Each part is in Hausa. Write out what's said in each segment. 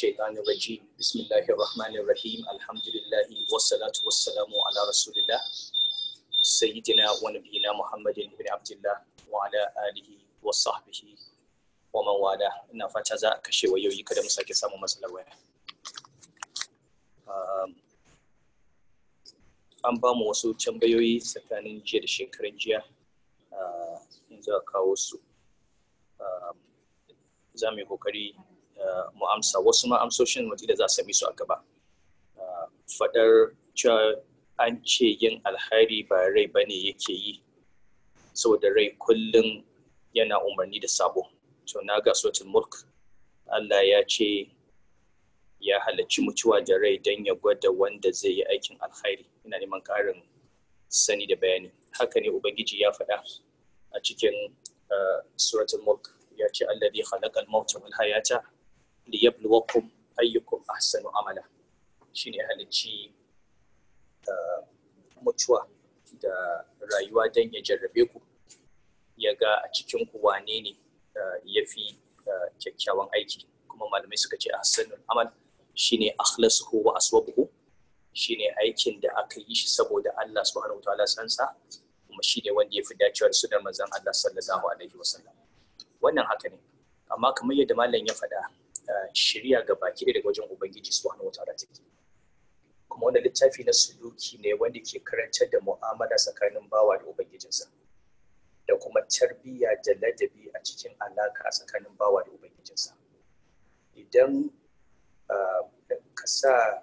الشيطان الرجيم بسم الله الرحمن الرحيم الحمد لله والصلاة والسلام على رسول الله سيدنا ونبينا محمد بن عبد الله وعلى آله وصحبه ومن والاه ina fata za kashe wayoyi kada mu sake an ba mu wasu tambayoyi tsakanin jiya da shekarun jiya a kawo su za mu yi kokari mu amsa wasu ma amsoshin da za su sami su a gaba ah, faɗar cewa an ce yin alhari ba rai ba ne yake yi saboda rai kullum yana umarni da sabo to na ga sotin mulk allah ya ce ya halarci mutuwa da rai don ya gwada wanda zai yi aikin alhari ina neman ƙarin sani da bayani haka ne ubangiji ya faɗa a cikin ah, suratul mulk ya ce Allah ne halakar mauta wal hayata liyabluwakum ayyukum ahsanu amala shine halicci uh, mutuwa da rayuwa don ya jarrabe ku ya ga a cikin ku wane ne uh, ya fi uh, kyakkyawan aiki kuma malamai suka ce ahsanul amal shine akhlasuhu wa aswabuhu shine aikin da aka yi shi saboda Allah subhanahu wa ta'ala sansa kuma shine wanda ya fi dacewa da sunan manzon Allah sallallahu alaihi wasallam wannan haka ne amma kamar yadda malam ya faɗa shirya ga baki daga wajen ubangiji subhanahu wata ke. kuma wanda littafi na suluki ne wanda ke karantar da mu'amala tsakanin bawa da ubangijinsa da kuma tarbiyya da ladabi a cikin alaka tsakanin bawa da ubangijinsa idan ka sa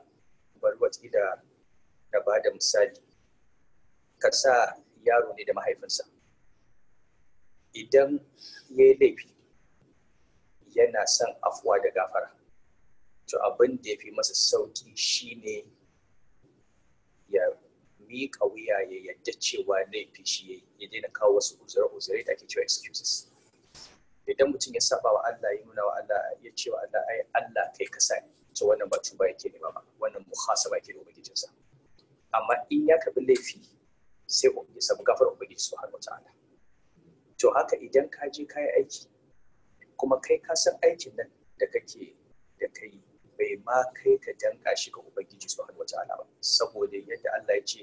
barwatsi da na ba da misali ka sa yaro ne da mahaifinsa idan ya yi laifi yana son afuwa da gafara to abin da ya fi masa sauki shine ya miƙa wuya ya yadda cewa laifi shi ya daina kawo wasu uzure-uzure da ake cewa excuses idan mutum ya saba wa Allah ya nuna wa Allah ya ce wa Allah ai Allah kai ka sani to wannan ba tuba yake nema ba wannan muhasaba yake amma in ya karbi laifi sai ya samu gafar ubangiji subhanahu wataala to haka idan ka je ka aiki kuma kai ka san aikin nan da kake da kai bai ma kai ka danka shi ga ubangiji wata ta'ala ba saboda yadda Allah ya ce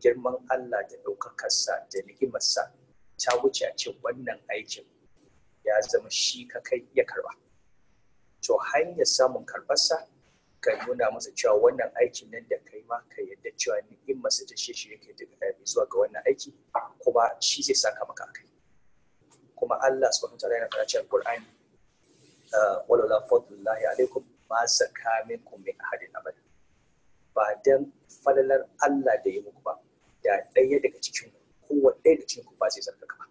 girman Allah da ɗaukakarsa da sa ta wuce a ce wannan aikin ya zama shi ka kai ya karba to hanyar samun sa ka nuna masa cewa wannan aikin nan da kai ma ka yadda cewa sa ta shi yake yake zuwa ga wannan aiki kuma shi zai saka maka kai kuma Allah subhanahu wataala yana faɗa cikin Qur'ani ah, walaula fadlullahi alaikum ma zaka minkum min ahadin abada ba dan falalar Allah da ya muku ba da ɗaya daga cikin kowa ɗaya daga cikin ku ba zai zartaka ba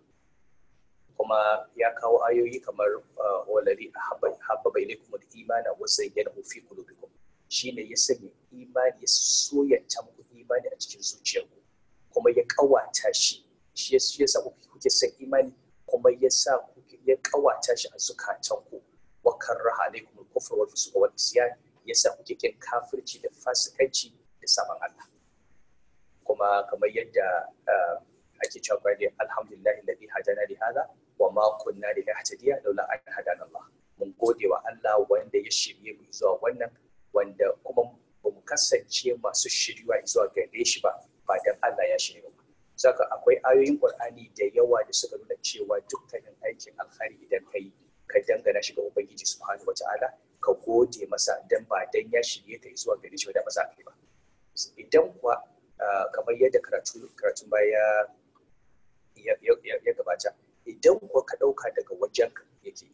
kuma ya kawo ayoyi kamar ah, walari hababa ilaikum al-imana wa zayyanahu fi qulubikum shine ya sanya imani ya soyanta muku imani a cikin zuciyarku kuma ya kawata shi shi yasa kuke son imani kuma ya sa ku ya kawata shi a zukatan ku wa karraha alaikum al wal fusuq wal isyan ya sa kuke kin kafirci da fasikanci da saban Allah kuma kamar yadda eh, ake cewa ne alhamdulillah alladhi hadana li hada wa ma kunna nahtadiya laula an hadana Allah mun gode wa Allah wanda ya shirye mu zuwa wannan wanda kuma ba mu kasance masu shiriwa zuwa gare shi ba ba dan Allah ya shirye mu saka akwai ayoyin qur'ani da yawa da suka nuna cewa dukkanin aikin alkhairi idan ka ka dangana shi ga ubangiji subhanahu wataala ka gode masa dan ba dan ya shirye ka zuwa gare shi ba da ba kai ka ba idan kuwa kamar yadda karatu karatun baya ya gabata idan kuwa ka ɗauka daga wajen yake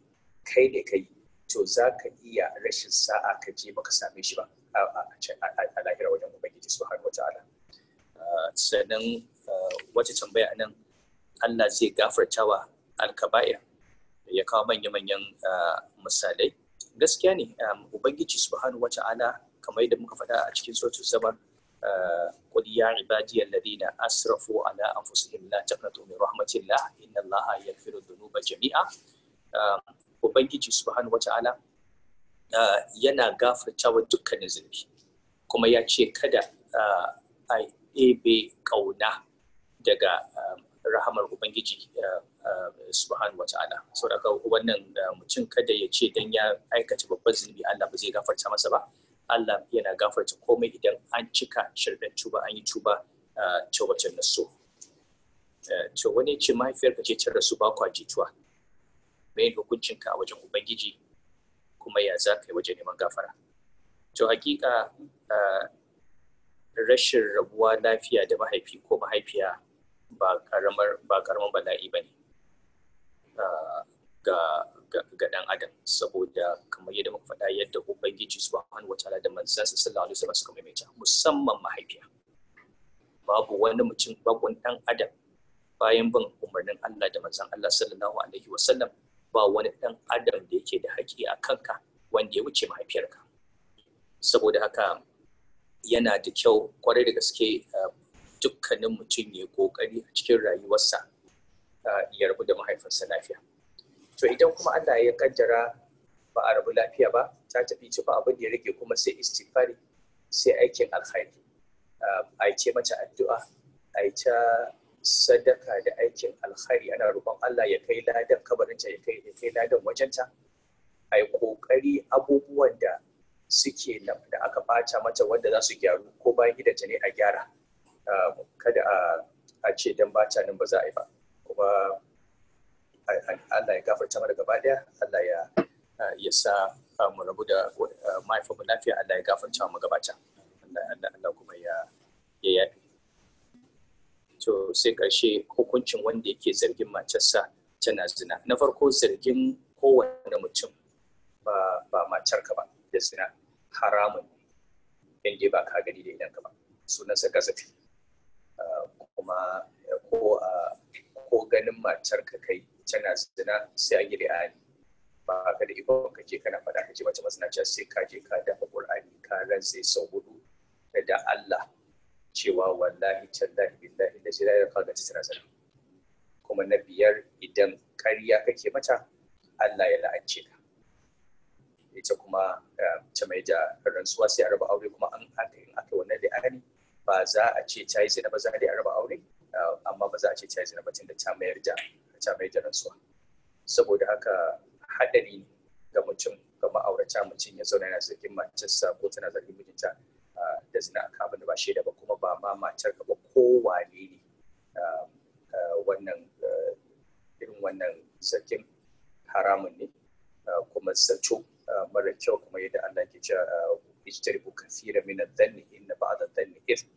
kai ne kai to za ka iya rashin sa'a ka je baka same shi ba a lahira wajen ubangiji subhanahu wataala sannan wata tambaya nan Allah zai gafartawa alkaba'ir ya kawo manya-manyan ah, misalai gaskiya ne ah, ubangiji subhanahu wata'ala kamar yadda muka faɗa a cikin suratul zamar ah, qul ya ibadi alladhina asrafu ala anfusihim la taqnatu min rahmatillah inna allaha yaghfiru dhunuba jami'a ubangiji subhanahu wata'ala yana wa dukkanin zunubi kuma ya ce kada a ebe kauna daga um, rahamar ubangiji um, um, subhanahu wa ta'ala saboda wannan mutum kada ya ce dan ya aikata babban zunubi Allah ba zai gafarta masa ba Allah yana gafarta komai idan an cika shirdan tuba an yi tuba ta na nasu to wani ce ka ce ta rasu ba kwa jituwa me hukuncinka a wajen ubangiji kuma ya za ka yi wajen neman gafara to hakika uh, rashin rabuwa lafiya da mahaifi ko mahaifiya ba karamar ba bala'i ba ne ga ga dan adam saboda kamar yadda muka faɗa yadda ubangiji subhanahu wataala da manzansa sallallahu alaihi wasallam suka maimaita musamman mahaifiya babu wani mutum babu wani dan adam bayan bin umarnin Allah da manzan Allah sallallahu alaihi wasallam ba wani dan adam da yake da haƙi a kanka wanda ya wuce mahaifiyarka saboda haka yana da kyau kwarai da gaske dukkanin mutum ya kokari a cikin rayuwarsa ya rabu da mahaifinsa lafiya to idan kuma Allah ya kaddara ba a rabu lafiya ba ta tafi ci ba abin da ya rage kuma sai istighfari sai aikin alkhairi a yi ce mata addu'a a yi ta sadaka da aikin alkhairi ana roƙon Allah ya kai ladan kabarinta ya kai ladan wajenta a yi ƙoƙari abubuwan da suke da aka ɓata mata wanda za su gyaru ko bayan gidanta ne a gyara Um, kada a ce don ba ta nan ba za a yi ba kuma Allah ya gafarta mana gaba daya Allah ya ya sa mu rabu da mahaifin mu lafiya Allah ya gafarta mu gaba ta Allah kuma ya ya yafi to sai karshe hukuncin wanda yake zargin matarsa tana zina na farko zargin kowane mutum ba ba ka ba da zina haramun inda ba ka gani da idan ka ba Sunan sunansa gazafi kuma eh, ko a ah, ko ganin matar ka kai tana zina sai a gida ani ba ka da ikon kake kana faɗa ka ce mace masanaciya sai ka je ka dafa qur'ani ka sai sau hudu da Allah cewa wallahi tallahi billahi da jira da kaga ta tana kuma na biyar idan ƙarya kake mata Allah ya la'ance ka ita kuma eh, ta mai da rantsuwa sai a raba aure kuma an aka yin aka wannan li'ani ba za a ce ta yi zina ba za a raba amma ba za a ce ta zina ba da ta mayar da ta mayar da rantsuwa saboda haka haɗari ga mutum ga ma'aurata mutum ya zauna yana zargin matarsa ko tana zargin mijinta da zina a abin da ba da ba kuma ba ma matar ka ba kowane ne wannan irin wannan zargin haramun ne kuma zato mara kyau kuma yadda Allah ke cewa ijtaribu kathira min adh-dhanni inna a adh-dhanni ithm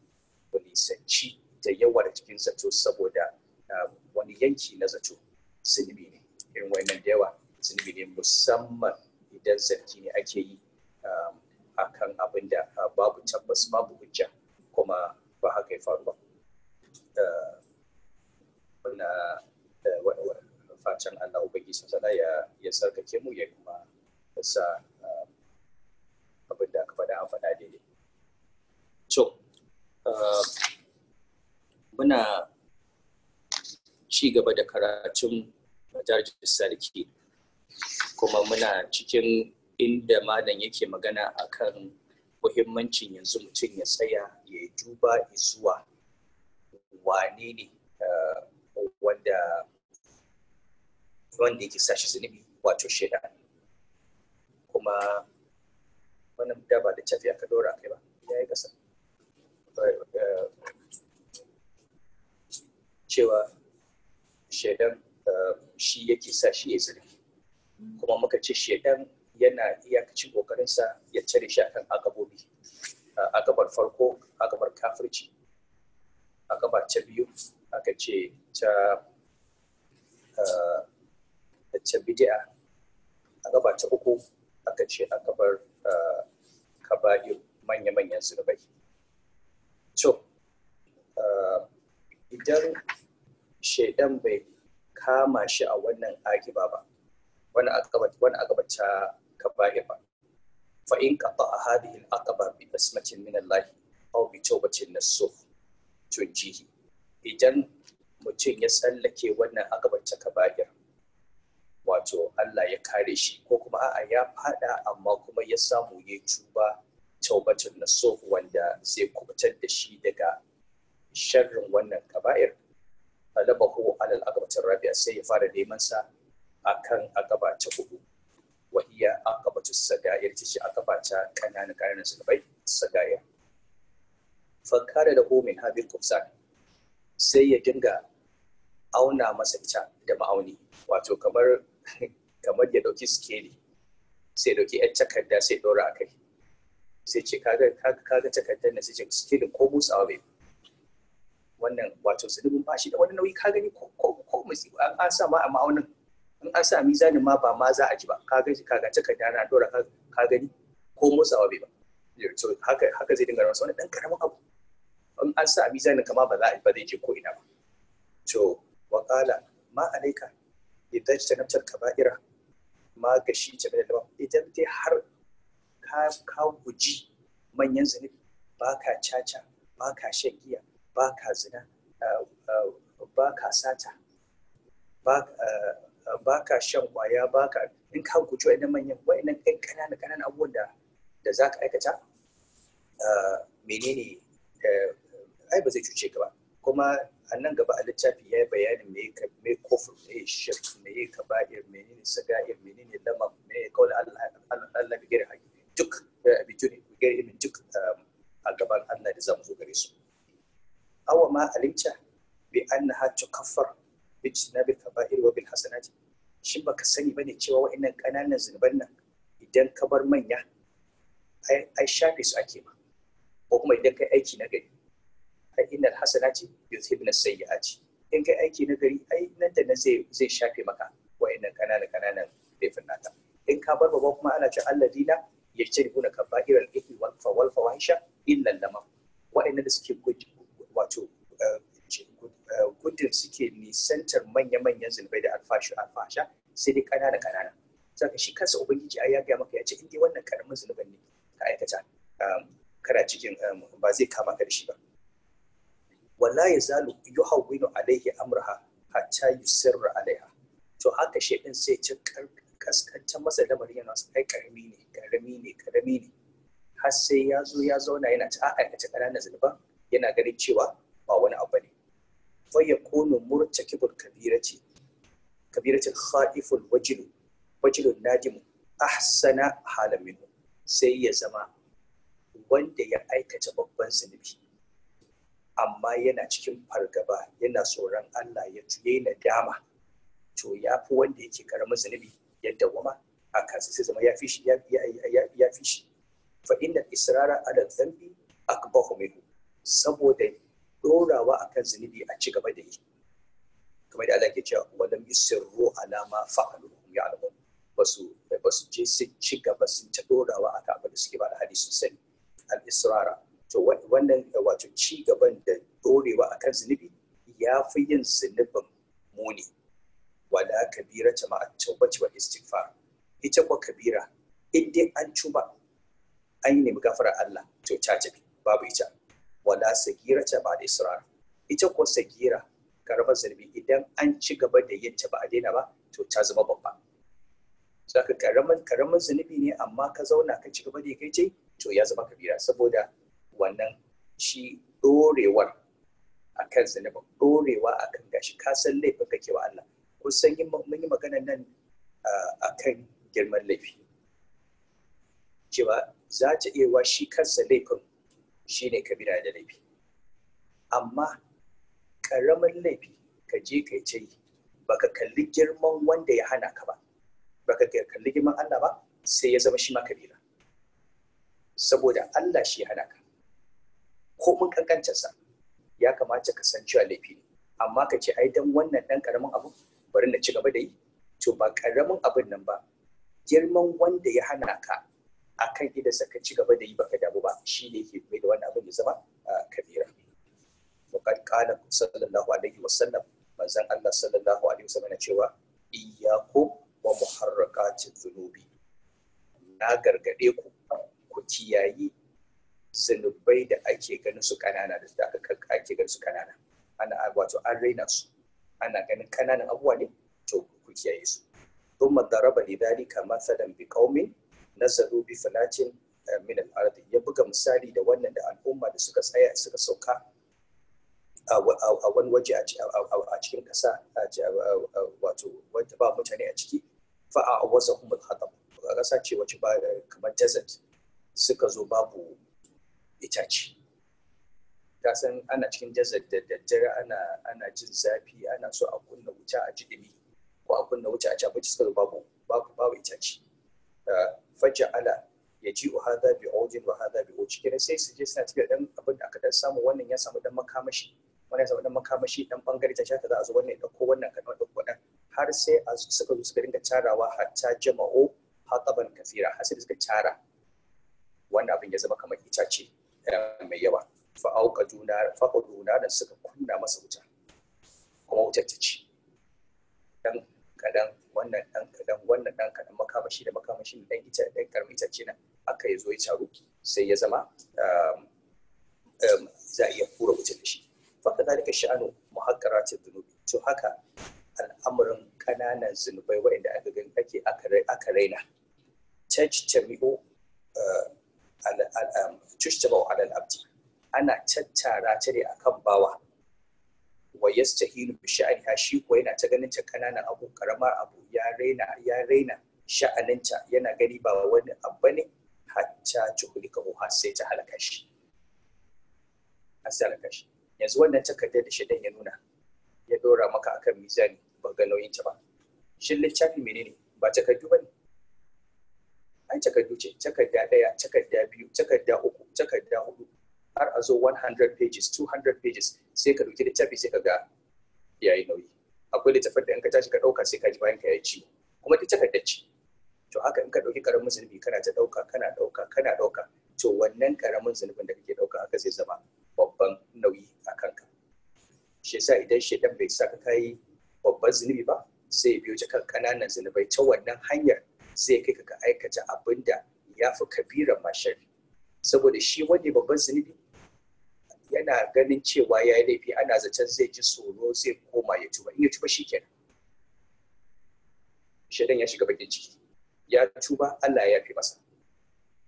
wani sanci da yawa da cikin zato saboda um, wani yanki na zato zunubi ne irin wannan da yawa zunubi ne musamman idan zargi ne ake yi um, a kan abin da uh, babu tabbas babu hujja kuma ba haka ya faru ba uh, uh, fatan Allah ubangi sun sada ya ya sarkake mu ya kuma sa um, abin da aka faɗa a faɗa daidai. to muna ci gaba da karatun majalisar sarki kuma muna cikin inda malam yake magana akan muhimmancin yanzu mutum ya tsaya ya yi duba zuwa wane ne eh, wanda wanda yake sashi zunubi wato shaida. kuma wannan da ba da tafiya ka dora kai ba ya yi kasa eh, cewa shaidan eh, shi yake sa shi ya zargi kuma muka ce shaidan yana iyakacin kokarinsa ya cire shi akan agabobi eh, agabar farko agabar kafirci agaba ta biyu aka ce ta eh, ta bid'a agaba ta uku aka ce gabar kaba'ir manya-manyan zurbai to idan shaidan bai kama shi a wannan akiba ba wani akaba ta kaba'ir ba fa in qata hadhihi al-aqaba bi basmatin min Allah aw bi tawbatin to jihi, idan mutum ya tsallake wannan akabar ta kaba'ir wato Allah ya kare shi ko kuma a'a ya fada amma kuma ya samu ya tuba tawbatin nasuh wanda zai kubutar da shi daga sharrin wannan kaba'ir talabahu alal aqabatin rabi'a sai ya fara neman sa akan aqaba ta hudu wa iya aqabatu sagair tishi aqaba ta kananan kananan zunubai fa kare da hu min habil kubsan sai ya dinga auna masa ta da ma'auni wato kamar kamar ya dauki skeli sai ya dauki yar takarda sai dora akai sai ce kaga kaga takardar na sai ce skelin ko busawa bai wannan wato zunubin ba shi da wani nauyi ka gani ko ko ko an sa ma a ma'aunin An an sa mizanin ma ba ma za a ji ba ka gani ka ga takarda na dora ka gani ko motsawa bai ba to haka haka zai dinga rasa wani dan karamin abu an sa mizanin kama ba za a ba zai je ko ina ba to wa qala ma alayka idan ta nafsar ba'ira ma gashi ta da idan dai har ka ka guji manyan zunubi ba ka caca ba ka shan giya ba ka zina eh, eh, ba ka sata eh, ba ka shan kwaya ba ka in ka guji wa'in manyan wa'annan ɗan ƙananan ƙananan abubuwan da da za ka aikata menene ai ba zai cuce ka ba kuma a nan gaba a littafi ya yi bayanin me ka me kofur me shirk me ka ba'ir menene saga'ir menene lamam me kawai Allah Allah bi haƙi duk abituni bi gari duk a gaban Allah da zamu zo gare su awa ma alimta bi annaha tukaffar bi jinabi kaba'ir wa bil shin baka sani bane cewa wa'annan kananan zunuban nan idan ka bar manya ai shafe su ake ma ko kuma idan kai aiki na gari ai innal hasanati yuzhibna sayyi'ati in kai aiki na gari ai nan da zai shafe maka wa'annan kananan kananan laifin in ka bar babban kuma ana ce alladina yajtanibuna kaba'iral ithmi wal fawahisha da suke wato eh, eh, gudun suke nisantar manya-manyan zunubai da alfashi alfasha sai dai kanana kanana saka shi kansa ubangiji ai ya gaya maka ya ce in wannan karamin zunuban ne ka aikata um, kana cikin um, ba zai kama ka da shi ba wala ya zalu yuhawwinu alaihi amraha hatta yusirra alaiha to haka shaydan sai ta kaskantar masa lamarin yana su kai karami ne karami ne karami ne har sai ya zo ya zauna yana ta aikata kananan zunuban yana ganin cewa ba wani abu ne fa yakunu murtakibul kabirati kabirati khaiful wajilu wajilun najimu ahsana halan minhu sai ya zama wanda ya aikata babban zunubi amma yana cikin fargaba yana tsoron Allah ya tuye na dama to ya fi wanda yake karamin zunubi yadda wama a kansa sai zama ya fi shi ya fi shi fa inna israra ala dhanbi akbahu minhu saboda dorawa akan zunubi a ci gaba da yi kamar da Allah ke cewa walam yusirru ala ma fa'alu ya'lamun basu basu je su ci gaba sun ta dorawa akan abin da suke ba da hadisi sani al israra to wannan wato ci gaban da dorewa akan zunubi ya fi yin zunubin muni wala kabira ta ma'a tawbati wa istighfar ita kwa kabira in dai an cuba an yi nemi Allah to ta tafi babu ita wala sagira ta ba da israr ita ko sagira karba zarbi idan an ci gaba da yin ta ba a daina ba to ta zama babba saka karaman karaman zunubi ne amma ka zauna ka ci gaba da kai ce to ya zama kabira saboda wannan shi dorewar akan zunubin dorewa akan gashi ka san laifin kake wa Allah kusan mun yi magana nan akan girman laifi cewa za ta iya wa shi kansa laifin shi ne kabira da laifi amma ƙaramin laifi ka je kai ce ka kalli girman wanda ya hana ka ba Ba ka kalli girman Allah ba sai ya zama shi ma kabira saboda Allah shi ya hana ka ko mun kankancinsa ya kamata ka san cewa laifi ne amma ka ce ai dan wannan ɗan ƙaramin abu bari na ci gaba da yi to ba ƙaramin abin nan ba girman wanda ya hana ka akan idan ka ci gaba da yi baka damu ba shi ne ke mai da wannan abin ya zama ah, kabira وقد قال صلى الله عليه وسلم manzan Allah sallallahu alaihi wasallam na cewa iyyakum wa muharrakatin zunubi na gargade ku ku kiyayi zunubai da ake ganin su kanana da aka ake ganin su kanana ana wato an raina su ana ganin kananan abubuwa ne to ku kiyaye su ثم ضرب لذلك masalan بقوم nazaru bi falatin eh, min al-ardi ya buga misali da wannan da al'umma da suka tsaya suka sauka a wani waje a cikin ƙasa wato wanda ba mutane a ciki fa a wasa humul hatam kasa ce wace ba eh, kamar desert suka zo babu itace ta san ana cikin desert da daddare ana ana jin zafi ana so a kunna wuta a ji dumi ko a kunna wuta a ci abinci suka zo babu babu itace eh, faja'ala ya ji wa hada bi ojin wa hada bi oji kenan sai su je suna tafiya dan abin da aka dan samu wannan ya samu dan makamashi wannan ya samu dan makamashi dan bangare ta shaka za a zo wannan ya ko wannan ka dauko wannan har sai a suka zo suka dinga tarawa hatta jama'o hataban kafira har sai suka tara wanda abin ya zama kamar itace eh, mai yawa fa auka na fa da suka kunna masa wuta kuma wutar ta ci dan kadan wannan ɗan kadan wannan dan kadan makamashi da makamashi da ɗan ita ɗan karamin itace nan aka yi zo ya taruki sai ya zama um, um, za a iya fura da shi faka zalika sha'anu muhaqqaratil dhunubi to haka al'amuran ƙananan zunubai waɗanda aka gani ake aka raina tajtami'u uh, um, tujtama'u alal abdi ana tattara ta ne akan bawa wa yastahilu bi sha'aniha shi ko yana ta ganin ta kanana abu karamar abu ya raina ya raina sha'aninta yana gani ba wani abu bane hatta tuhulika hu sai ta halaka shi halaka shi yanzu wannan takardar da shaidan ya nuna ya dora maka akan mizani ba ga nauyin ta ba shin littafin menene ba takardu bane ai takardu ce takarda daya takarda biyu takarda uku takarda hudu har a zo 100 pages 200 pages sai ka dauki littafi sai ka ga yayi nauyi akwai littafin da in ka tashi ka dauka sai ka ji bayan ka ya ci kuma ta ka ci to haka in ka dauki karamin zunubi kana ta dauka kana dauka kana dauka to wannan karamin zunubin da kake dauka haka zai zama babban nauyi a kanka shi yasa idan shedan bai saka kai babban zunubi ba sai ya biyo ta kan kananan zunubai ta wannan hanyar zai kai ka aikata abin da ya fi kabiran mashari saboda shi wanda babban zunubi yana ganin cewa ya yi laifi ana zaton zai ji tsoro zai koma ya tuba in ya tuba shikenan shaidan ya shiga bakin ciki ya tuba Allah ya fi masa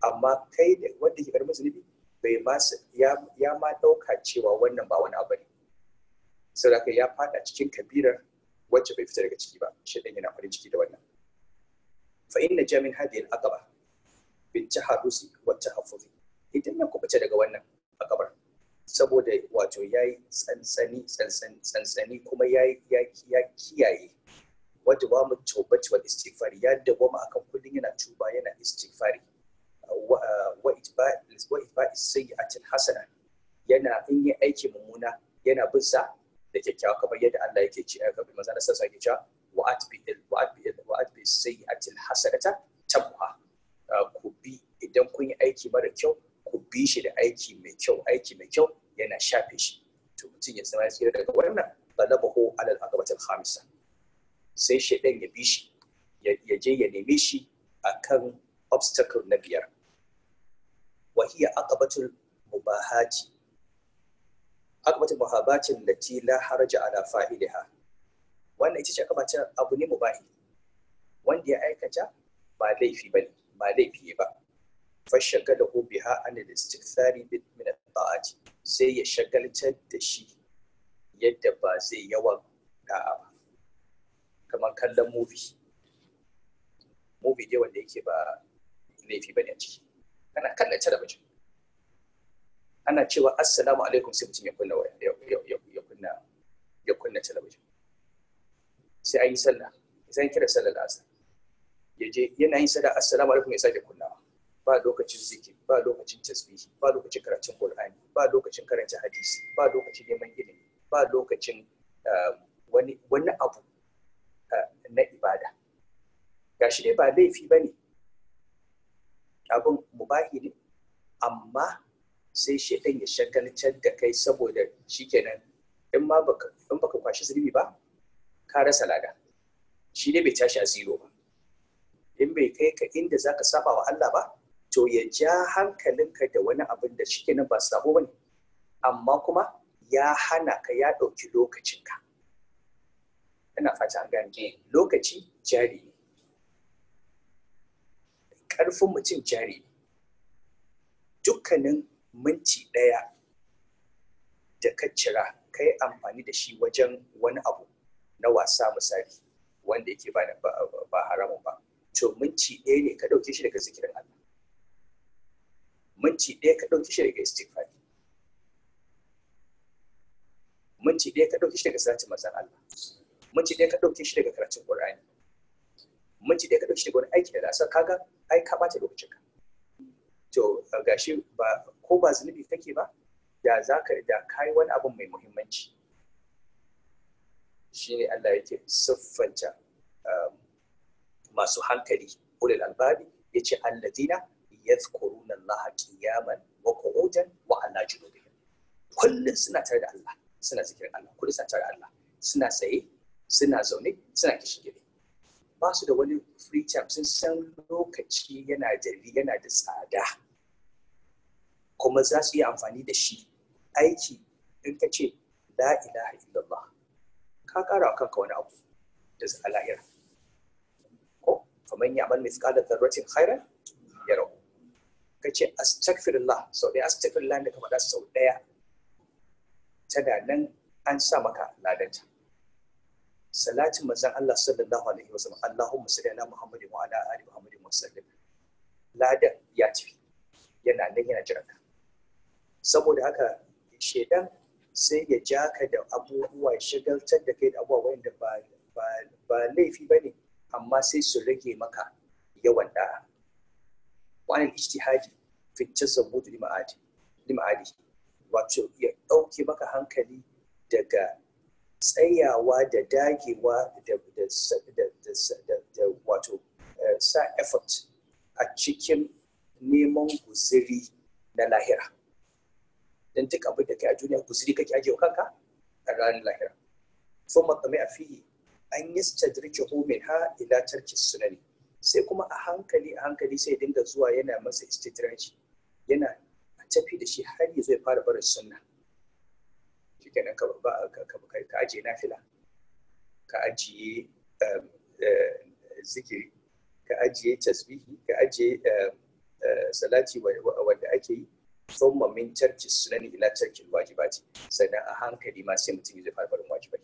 amma kai da wanda ke karɓar zunubi bai ma ya ma ɗauka cewa wannan ba wani abu ne saboda ya fada cikin kabirar wacce bai fita daga ciki ba shaidan yana farin ciki da wannan fa inna jamin hadhihi al-aqaba bil taharrusi wa tahaffuzi idan ya kubuce daga wannan akabar saboda wato ya yi tsantsani tsantsani kuma ya kiyaye wadda ba mu tawbati wal istighfari ya dawwama akan kullum yana tuba yana istighfari wa itba sayyi'atil hasana yana in yi aiki mummuna yana bin sa da kyakkyawa kamar yadda Allah yake ce a gaban manzon sa yake cewa wa atbi wa atbi wa atbi sayyi'atil hasanata tabha ku bi idan kun yi aiki mara kyau ku bi shi da aiki mai kyau aiki mai kyau yana shafe shi to mutum ya zama ya tsira daga wannan talabahu alal aqabatil khamisa sai shaidan ya bi shi ya je ya nemi shi akan obstacle na biyar wa hiya akabatul mubahati akabatul muhabatin lati la haraja ala fa'ilaha wannan ita ce akabatar abu ne mubahi wanda ya aikata ba laifi bane ba laifi ba fashagalahu biha an al-istikthari min at sai ya shagaltar da shi yadda ba zai yawan da'a ba kamar kallon movie movie dai wanda yake ba laifi bane a ciki kana kallon talabijin ana cewa assalamu alaikum sai mutum ya kunna ya kunna ya kunna talabijin sai an yi sallah sai an kira sallar Asa. ya je yana yin sallah assalamu alaikum ya sake kunnawa ba lokacin zikiri ba lokacin tasbihi ba lokacin karatun qur'ani ba lokacin karanta hadisi ba lokacin neman ilimi ba lokacin eh, wani wani abu eh, na ibada gashi dai ba laifi ba ne abin mubahi ne amma sai shaidan ya shagaltar da kai saboda shikenan in ma baka in baka kwashi zunubi ba ka rasa lada shi ne bai tashi a zero ba in bai kai ka inda zaka saba wa Allah ba to ya ja hankalinka da wani abin da shi kenan ba sabo bane amma kuma ya hana ka ya ɗauki lokacinka ina fata an gane lokaci jari ne ƙarfin mutum jari dukkanin minti ɗaya da ka cira ka yi amfani da shi wajen wani abu na wasa misali wanda yake ba haramun ba to minti ɗaya ne ka ɗauke shi daga zikirin Allah minti ɗaya ka ɗauki shi daga istighfari minti ɗaya ka ɗauki shi daga salatin mazan Allah minti ɗaya ka ɗauki shi daga karatun Qur'ani minti ɗaya ka ɗauki shi daga wani aiki da lasar kaga ai ka ɓata lokacin ka to gashi ba ko ba zunubi kake ba da za ka da kai wani abu mai muhimmanci shine Allah yake siffanta um, masu hankali ulul albabi yace alladina yadhkuruna Allah qiyaman wa qu'udan wa ala junubihim kullun suna tare da Allah suna zikirin Allah kullun suna tare da Allah suna saye suna zaune suna kishigire ba su da wani free time sun san lokaci yana da yana da tsada kuma za su yi amfani da shi aiki in ka ce la ilaha illallah ka kara kanka wani abu da lahira ko faman ya amal mithqala dharratin khairan yarahu ka ce astagfirullah sau ɗaya astagfirullah da ka faɗa sau ɗaya da nan an sa maka ladanta salatin manzon Allah sallallahu alaihi wa sallam Allahumma salli ala Muhammadin wa ala ali Muhammadin wa sallam. ladan ya tafi yana nan yana jiranka. saboda haka shedan sai ya ja ka da abubuwa ya shagaltar da kai da abubuwa wanda ba laifi ba ne amma sai su rage maka yawan da'a wannan ijtihadi fincin ni ma'adi. wato ya ɗauke maka hankali daga tsayawa da dagewa da wato eh, sa effort a cikin neman guziri na lahira don duk abin da kai a duniya guziri kake ajiye kanka a ranar lahira so makamai a fiye an yi stadrikahu homin ha ila tarki sunani sai kuma a hankali a hankali sai dinga zuwa yana masa istidraji yana tafi da shi har ya zai fara barin sunna shi kenan ka ka ajiye ka ajiye um, eh, zikiri ka ajiye tasbihi ka ajiye eh, eh, salati wanda ake yi thumma min tarki ni ila tarki wajibati sannan a hankali ma sai mutum zai fara barin wajibai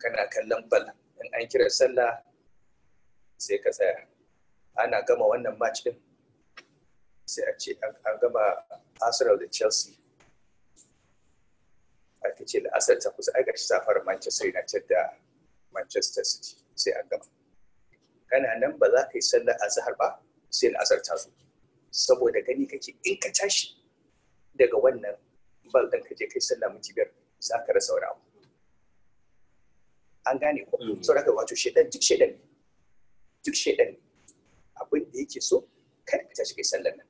kana kallon bal in an kira sallah sai ka tsaya ana gama wannan match din sai a ce an gama arsenal da chelsea ka ce la'asar ta kusa aika ta safar manchester united da manchester city sai an gama kana nan ba za ka yi sallar azahar ba sai la'asar ta zo saboda gani kake in ka tashi daga wannan bal ɗin ka je kai sallah mu biyar za ka rasa wani abu an gane ko mm. saboda ka wato shedan duk shedan duk shedan abin da yake so kada ka tashi kai sallar nan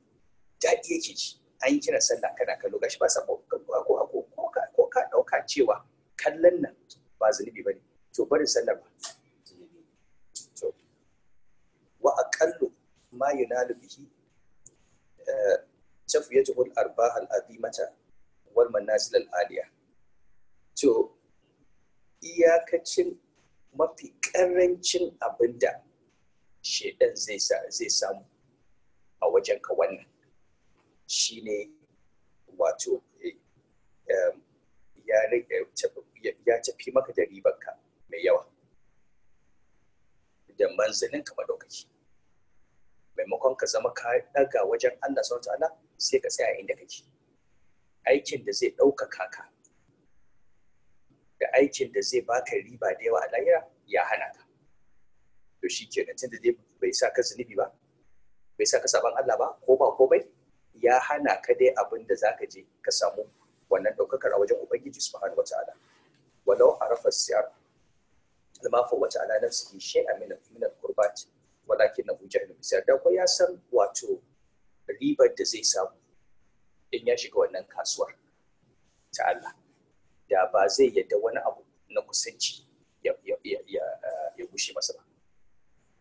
daɗi ce shi an yi kiran sallah kana kallo gashi ba sa ko ko ka ko ka dauka cewa kallon nan ba zunubi bane to barin sallah ba to wa aqallu ma yunalu bihi eh, yaji al-arbah al-azimata wal manasil al-aliya to iyakacin mafi karancin abinda shedan zai samu a wajen ka wannan shine wato eh, ya tafi maka da ribanka mai yawa da manzanin ka madaukaki maimakon ka zama ka daga wajen Allah sau ta'ala sai ka tsaya inda kake aikin da zai ɗaukaka ka da aikin da zai baka riba da yawa a lahira ya hana ka to shi ke da bai sa ka zunubi ba bai sa ka saban Allah ba ko ba komai? ya hana ka dai abin da za ka je ka samu wannan ɗaukakar a wajen ubangiji subhanahu wataala walau arafa siyar lama fa wata ala nafsihi shay'an min min al-qurbat walakin nahu da bisiyar da ko ya san wato ribar da zai samu in ya shiga wannan kasuwar ta Allah da ba zai yadda wani abu na kusanci ya gushe masa ba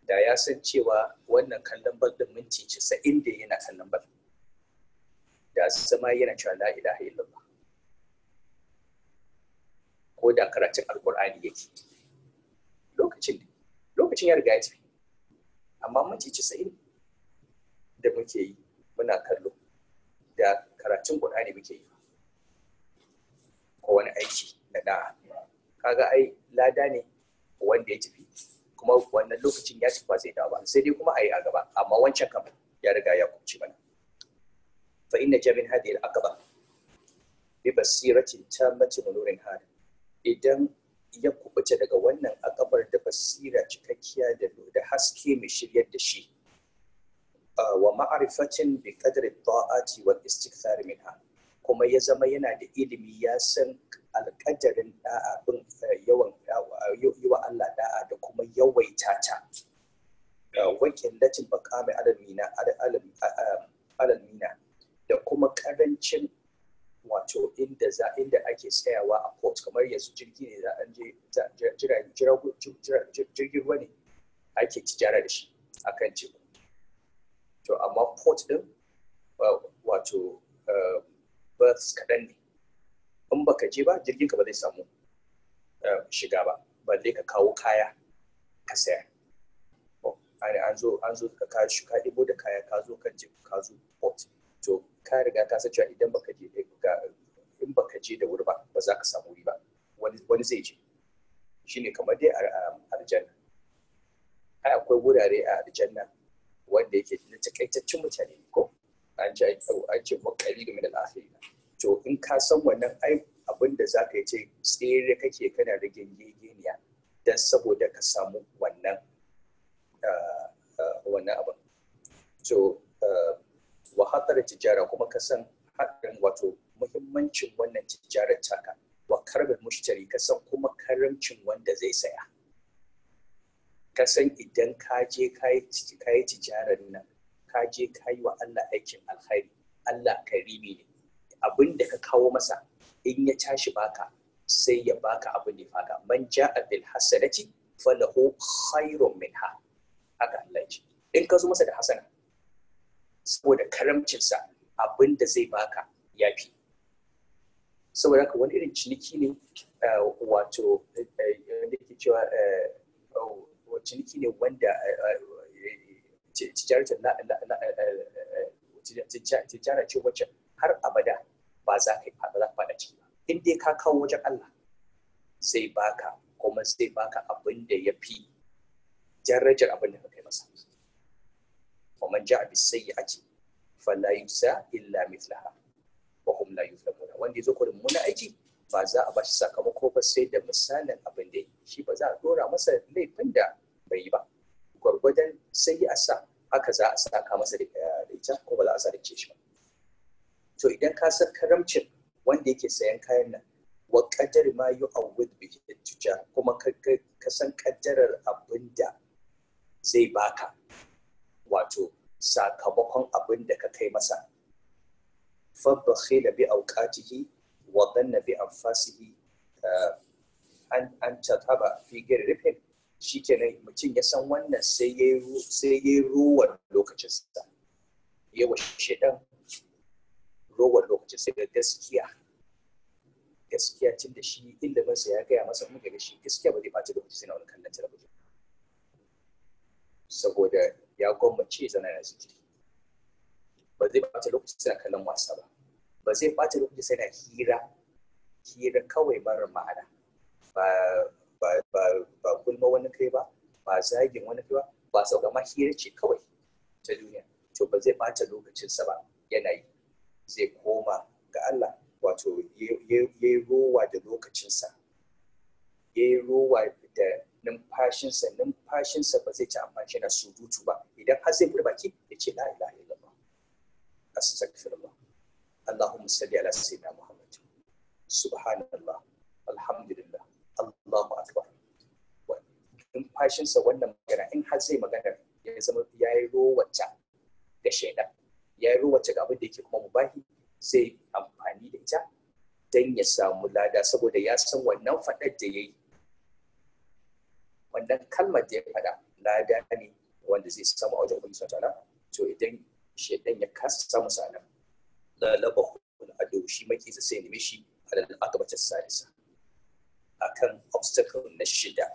da ya san cewa wannan kallon bal da minti 90 da yana kallon bal da zama yana cewa la ilaha illallah ko da karatun alkur'ani yake lokacin lokacin ya riga ya tafi amma mun ci casa'in da muke yi muna kallo da karatun qur'ani muke yi ko wani aiki na da kaga ai lada ne wanda ya tafi kuma wannan lokacin ya tafi ba zai dawo ba sai dai kuma a yi a gaba amma wancan kam ya riga ya kuce mana فإن جبن هذه العقبة ببصيرة تامة ونور هادئ idan ya kubuta daga wannan akabar da basira cikakkiya da haske mai shiryar da shi wa ma'arifatin bi qadri ta'ati wal istikthar minha kuma ya zama yana da ilimi ya san alƙadarin da'a eh, yawan eh, yi Allah da'a da kuma yawaita ta wakin latin bakami alamina da kuma karancin wato inda za inda ake tsayawa a port kamar yanzu jirgi ne za an je jirgin ruwa ne ake tijara da shi akan teku to amma port din uh, wato uh, berths kaɗan ne in baka je ba jirgin ka ba zai samu uh, shiga ba balle ka kawo kaya ka saya. an zo an zo ka kawo shi ka ɗebo da kaya ka zo kan teku ka zo port to ka riga ka san cewa idan baka je ga in baka je da wuri ba ba za ka samu wuri ba wani zai je shine kamar dai aljanna ai akwai wurare a aljanna wanda yake da takaitaccen mutane ko an ce an ce kokari min al lafiya to in ka san wannan ai abin da za ka yi ce tsere kake kana rage gengeniya don saboda ka samu wannan ah, ah, wannan abin so uh, wa tijara kuma ka san haɗin wato muhimmancin wannan tijarar taka wa karbin mushtari ka san kuma karamcin wanda zai saya ka san idan ka je ka yi tijarar nan ka je ka yi wa Allah aikin alkhairi Allah karimi ne abin da ka kawo masa in ya tashi baka sai ya baka abin da faka man ja'a bil hasanati falahu khairun minha haka Allah ce in ka zo masa da hasana saboda karamcinsa abin da zai baka ya fi saboda haka wani irin ciniki ne eh, wato eh, da ke cewa eh, oh, ciniki ne wanda tijjara ce wacce har abada ba za ka yi fada fada ciki ba in dai ka kawo wajen Allah zai baka kuma zai baka abin da ya fi wa man ja'a bis sayyi'ati fala yusa illa mithlaha wa hum la yuzlamuna wanda yazo kurin muna aiki ba za a bashi sakamako ba sai da misalin abin da shi ba za a dora masa laifin da bai yi ba gwargwadon sai a sa haka za a saka masa da ita ko ba za a sarrace shi ba to idan ka san karamcin wanda yake sayan kayan nan wa kadar ma yu awwid bihi tujjar kuma ka san kaddarar abinda zai baka wato sakamakon abin da ka kai masa fabbakhila bi auqatihi wa dhanna bi anfasihi eh, an an tataba fi girrifin shikenan mutum ya san wannan sai ya sai ya ruwan lokacin sa yawa shedan ruwan lokacin sai da gaskiya gaskiya tun da shi inda masa ya gaya masa mun ga shi gaskiya ba zai bata lokaci sai na wani kallon talabijin saboda ya gwammace zana na zikiri ba zai bata lokaci sai kallon wasa ba ba zai bata lokaci sai hira hira kawai mara ma'ana ba ba ba ba gulma wani kai ba ba zagin wani kai ba ba sauka ma hira ce kawai ta duniya to ba zai bata lokacinsa ba yana yi zai koma ga Allah wato ya yi rowa da lokacinsa ya yi rowa da numfashinsa numfashinsa ba zai ci amfani shi na surutu ba idan har zai bude baki ya ce la ilaha illallah astaghfirullah allahumma salli ala sayyidina muhammad subhanallah alhamdulillah allahu akbar numfashinsa wannan magana in har zai magana ya zama ya yi rowace ga shaidan ya yi rowace ga abin da yake kuma mubahi zai amfani da ita dan ya samu lada saboda ya san wannan faɗar da ya yi wannan kalmar da ya faɗa lada ne wanda zai samu a wajen ubangiji subhanahu to idan shaidan ya kasa samu sanan la labahu ado shi maki sai nemi shi alal akabatin salisa kan obstacle na shida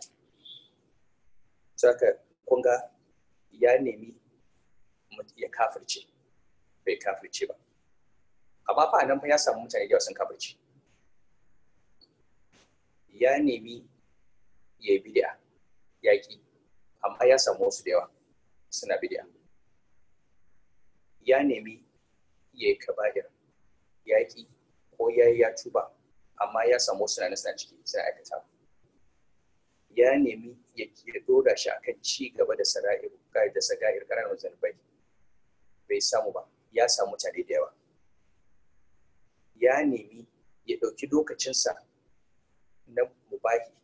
saka kunga ya nemi ya kafirce bai kafirce ba amma fa nan fa ya samu mutane da sun kafirce ya nemi ya yi bid'a yaƙi amma ya samu wasu da yawa suna bidiya ya nemi ya yi kaba'ir yaƙi ko ya yi ya tuba amma ya samu wasu na suna ciki suna aikata ya nemi ya doda shi akan ci gaba da sara'ir da saga'ir ƙananan zanubai bai samu ba ya samu mutane da yawa ya nemi ya ɗauki lokacinsa na mubahi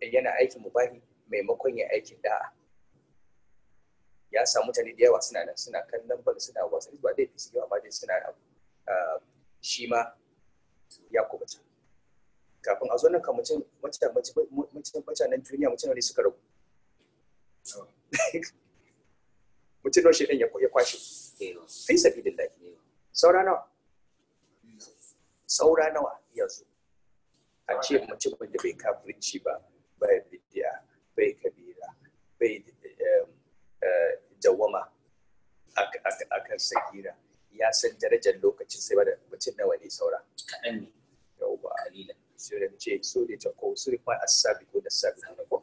yana aikin mubahi maimakon ya aikin da'a ya samu mutane da yawa suna nan suna kan lambar suna wasan ba dai su yawa ba dai suna nan ah, shi ma ya kubuta kafin a zo nan ka mutum mutanen duniya mutum ne suka rabu mutum nawa shaidan ya kwashe fi sabidin lahi saura nawa saura nawa yanzu a ce mutum da bai kafirci ba bai bidiya bai kabira bai eh, eh, dawama akan sakira ya san darajar lokacin sai bada mutum nawa ne saura kaɗan ne yawwa kalilan sai da ce so da ta ko su rifa asabi ko da sabi na ko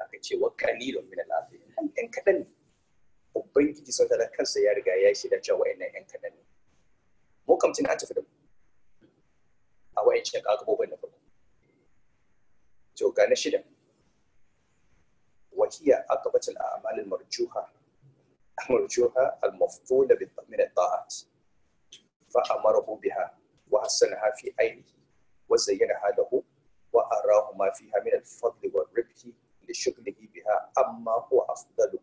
aka ce wa kalilun min al-afi ɗan kaɗan ne ubangiji sau da kansa ya riga ya shida cewa wa'annan ɗan kaɗan ne mu kamtin an tafi da mu a wa'ancan ƙaƙabobin na farko to na shida wahiya aqbatul a'mal al marjuha marjuha al mafdula bi min al ta'at fa amarahu biha wa hasanaha fi ainihi wa zayyanaha lahu wa arahu ma fiha min al fadli wal ribhi li shughlihi biha amma huwa afdalu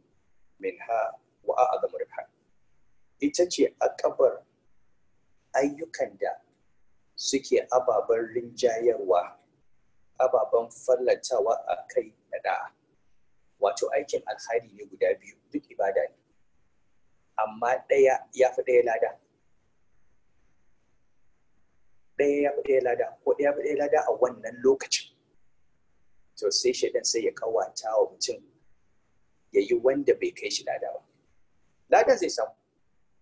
minha wa a'zamu ribhan ita ce akabar ayyukan da suke ababen rinjayarwa ababen fallacewa a kai na da'a wato aikin alhari ne guda biyu duk ibada ne amma ɗaya ya fi ɗaya lada ɗaya ya fi lada ko ɗaya fi ɗaya lada a wannan lokacin to sai shaidan sai ya kawata wa mutum ya yi wanda bai kai shi lada ba lada zai samu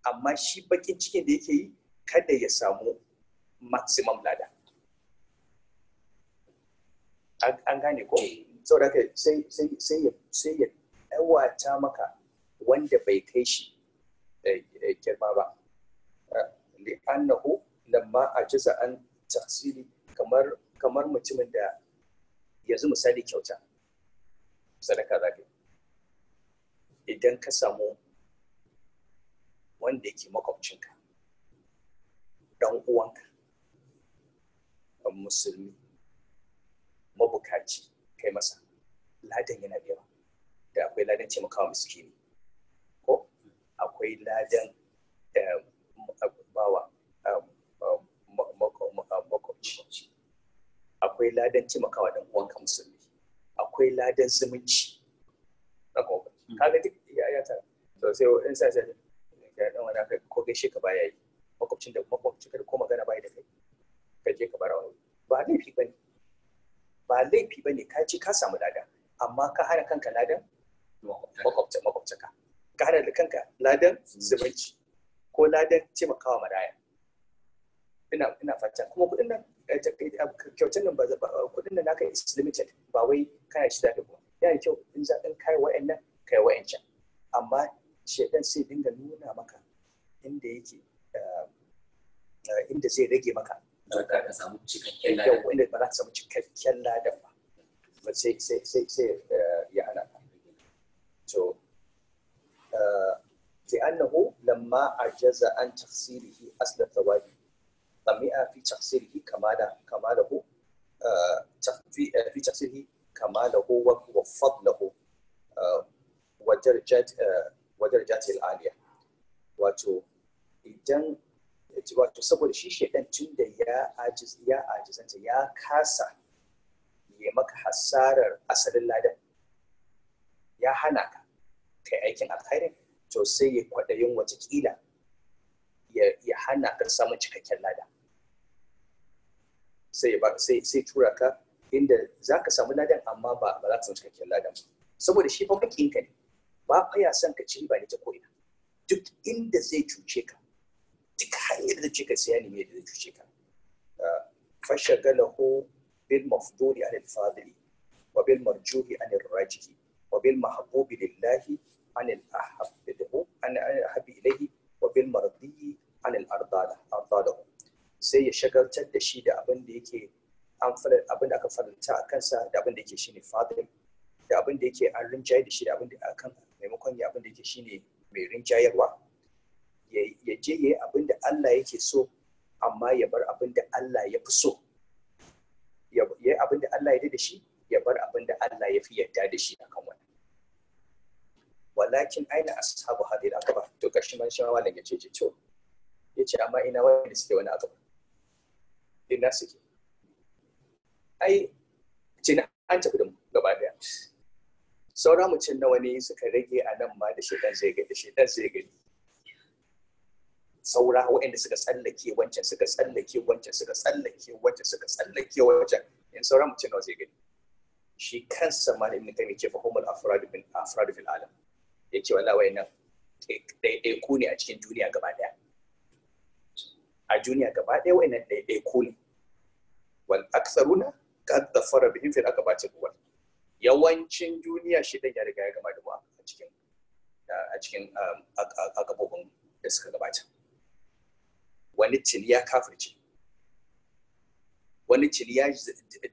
amma shi bakin cikin da yake yi kada ya samu maximum lada an gane ko saboda haka sai sai ya ɗawata maka wanda bai kai shi eh, eh, girma ba eh, li'annahu a ajiza an tasiri kamar mutumin da yanzu misali kyauta sadaka zaka idan ka samu wanda yake makwabcinka dan uwanka musulmi mabukaci kai masa ladan yana da yawa da akwai ladan ce makawa miskini ko akwai ladan bawa um, um, um, makwabci akwai ladan ce makawa dan uwanka musulmi akwai ladan zumunci hmm. kaga duk ya ta to sai in sa sai ya dan wani aka ko gaishe ka baya yi makwabcin da makwabcin ko magana baya da kai kaje ka bara wani ba laifi bane ba laifi ba ne ka ce ka samu lada amma ka hana kanka ladan makwabta makwabta ka ka hana kanka ladan zumunci ko ladan taimakawa maraya ina ina fata kuma kudin nan eh, eh, kyautar nan ba nan naka is limited ba wai kana shi da ba ya yi kyau in za ɗan kai wa'annan kai wa'ancan amma shedan sai dinga nuna maka inda yake eh, inda zai rage maka zakar ka samu cikakken ladan wanda ba za ka samu cikakken ladan ba sai sai sai sai eh, ya hana to eh, fi annahu lamma ajaza an tafsirihi asla thawabi طمئ في تقصيره كماله كماله في تقصيره كماله وفضله ودرجات ودرجاته العالية wato idan wato saboda shi shaidan tun da ya ajiz ya ajizanta ya kasa ya maka hasarar asalin ladan ya hana ka kai aikin alkhairin to sai ya kwaɗayin watakila ya hana ka samun cikakken lada sai sai tura ka inda za ka samu ladan amma ba za ka samu cikakken ladan saboda shi ba makinka ne ba fa ya son ka ci ba ne ta koya duk inda zai cuce ka duk hanyar da ce ka siya ne mai da zai cuce ka ah, fashagalahu bil mafduli an al-fadili wa bil marjuhi an al wa bil mahbubi lillahi an al-ahabbihi an al-ahabbi wa bil mardiyi an al-ardadahu sai ya shagaltar da shi da abin da yake abin da aka faranta a kansa da abin da yake shine fadil da abin da yake an rinjaye da shi da abin da akan maimakon ya abin da yake shine mai rinjayarwa ya je ya yi abin da Allah yake so amma ya bar abin da Allah ya fi so ya yi abin da Allah ya da shi ya bar abin da Allah ya fi yadda da shi akan wani walakin aina ashabu aka akaba to kashi man shawa da ya ce to yace amma ina wanda suke wani akaba ina suke ai ce na an tafi da mu gaba daya sauran mutum nawa ne suka rage a nan ma da shedan zai ga da shedan zai gani saura waɗanda suka tsallake wancan suka tsallake wancan suka tsallake wancan suka tsallake wancan in sauran mutum wasu zai gani shi kansa malam ibn taymiya ce fahimul afradu bin afradu fil alam yace wallahi wayannan ɗaiɗaiku ne a cikin duniya gaba ɗaya a duniya gaba ɗaya wayannan ɗaiɗaiku ne wal aktharuna da dhafara bihim fil akabatil awwal yawancin duniya shi ya riga ya gama da mu a cikin a cikin um, agabobin da suka gabata wani cili ya kafirce wani cili ya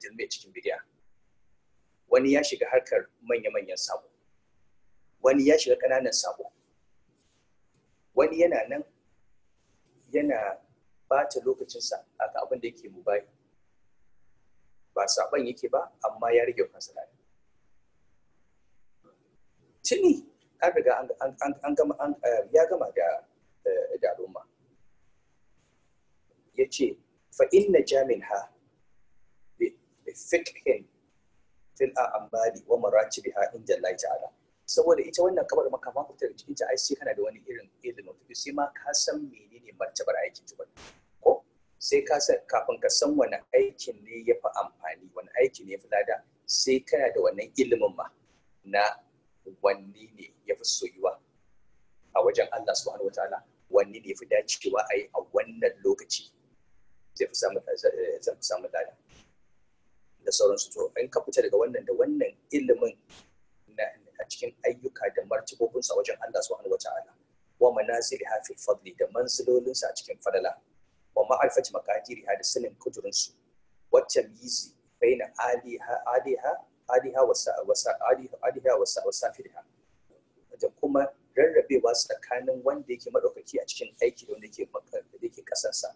dilme cikin bidiya wani ya shiga harkar manya-manyan sabo wani ya shiga kananan sabo wani yana nan yana bata lokacinsa a abin da yake mubayi ba saban yake ba amma ya rage kansa lafiya tuni an gama ya gama da eh, al'umma ya ce fa'inna jamin ha fiqhin fil a'amali wa maratibiha inda Allah ta'ala saboda ita wannan kabar maka ma fitar cikin ta ai sai kana da wani irin ilimin fiqh sai ma ka san menene martabar aikin tuba ko sai ka san kafin ka san wani aikin ne ya fi amfani wani aiki ne ya fi lada sai kana da wannan ilimin ma na wanne ne ya fi soyuwa a wajen Allah subhanahu wataala wanne ne ya fi dacewa a yi a wannan lokaci zai fi samun eh, zan da sauransu to in ka fita daga wannan da wannan ilimin a cikin ayyuka da martibobinsa wajen Allah subhanahu wa ta'ala wa manaziliha fil fadli da manzilolinsa a cikin fadala wa ma'arifati makadiriha da sanin kudurinsu wacce mizi baina aliha aliha aliha wa safiriha da kuma rarrabewa tsakanin wanda yake madaukaki a cikin aiki da wanda yake kasansa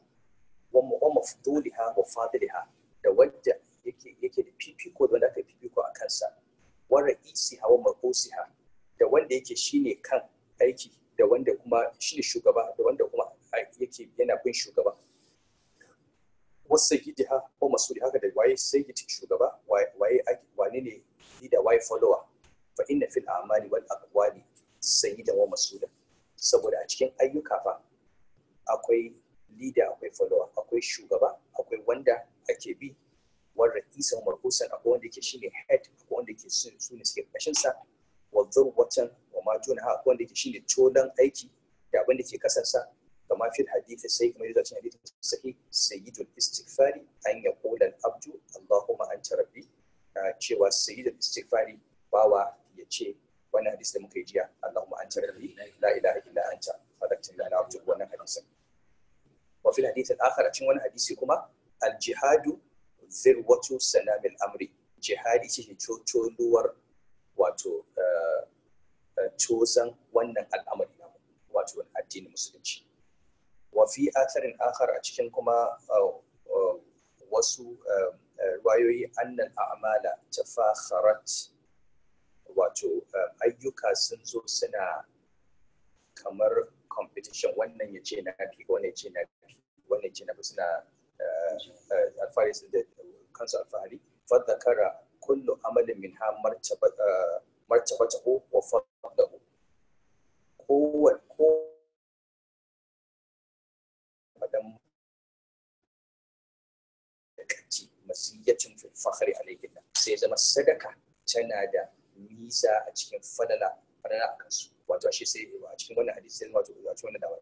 wa mafduliha wa fadliha da wadda yake da fifiko da wanda aka fifiko a kansa wa ra'isiha wa maqusiha da wanda yake shine kan aiki da shugaba da wanda kuma yana bin shugaba wasu gidiha ko masuli haka da waye sai gidi shugaba waye wane ne da waye follower fa inna saboda a cikin ayyuka fa akwai leader akwai follower akwai shugaba akwai wanda ake bi isa Umar marhusan akwai wanda ke shine head akwai wanda ke su ne suke kashin sa wa wa ma ha akwai wanda ke shine colan aiki da abin da ke kasar sa kama fil hadisi sai kuma yadda cikin hadisi sai sayyidul istighfari an ya kolan abdu allahumma anta rabbi ah, cewa sayyidul istighfari bawa ya ce wannan hadisi da muka yi jiya allahumma anta rabbi la ilaha illa anta fadakta ila abdu wannan hadisin wa fil hadith al-akhar cin wani hadisi kuma aljihadu jihadu zirwatu sanamil amri jihadi shi cocoluwar eh, eh, wannan al'amari na addinin musulunci wa fi atharin a cikin kuma eh, wasu rayoyi annan a'mala tafakharat wato ayyuka sun zo suna kamar competition wannan ya ce na fi wannan ya ce na fi wannan ya ce na fi suna eh, eh, alfahari su da kansu alfahari fadda kara kullu amalin min ha martaba eh, ta ko wa fadda ko kowane ko madan fahari masiyacin filfahari nan sai zama sadaka tana da nisa a cikin fadala fadala a kansu wato shi sai a cikin wannan hadisi sai wato a cikin wannan dama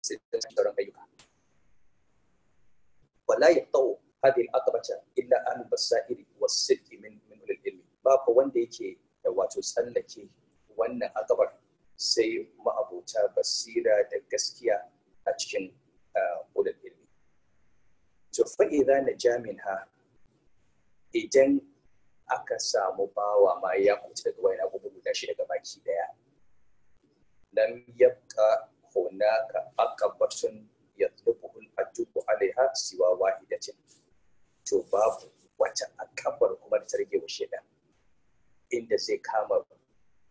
sai da sauran ayyuka wala yaqtau hadhihi al-aqbata illa ahlu basairi was-sidqi min min al-ilmi ba ko wanda yake wato tsallake wannan akabar sai ma'abota basira da gaskiya a cikin ulul ilmi to fa idza najaminha idan aka samu bawa ma ya kuce daga wani abubuwa guda shi daga baki daya lam yabqa hunaka aqabatun yatlubuhu al-ajubu alaiha siwa wahidatin to babu wata akabar kuma da ta rage wa sheda inda zai kama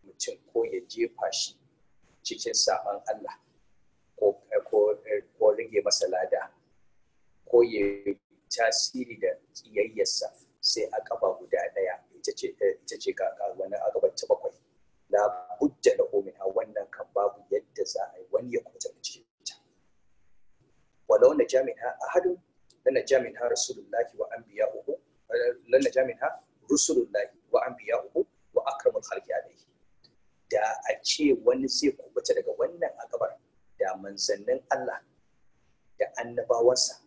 mutum ko ya jefa shi cikin saban Allah ko rage masa lada ko ya tasiri da kiyayyarsa. sai a kafa guda ɗaya ita ce eh, ga wani a gaban ta bakwai la budda da homina wannan kan babu yadda za a yi wani ya kuma tafi cikin ita walau na jami'a ahadun lana jami'a rasulullahi wa anbiya uku eh, lana jami'a rusulullahi wa anbiya uku wa akramul khalqi alayhi da a ce wani zai kubuta daga wannan akabar da manzannin Allah da annabawansa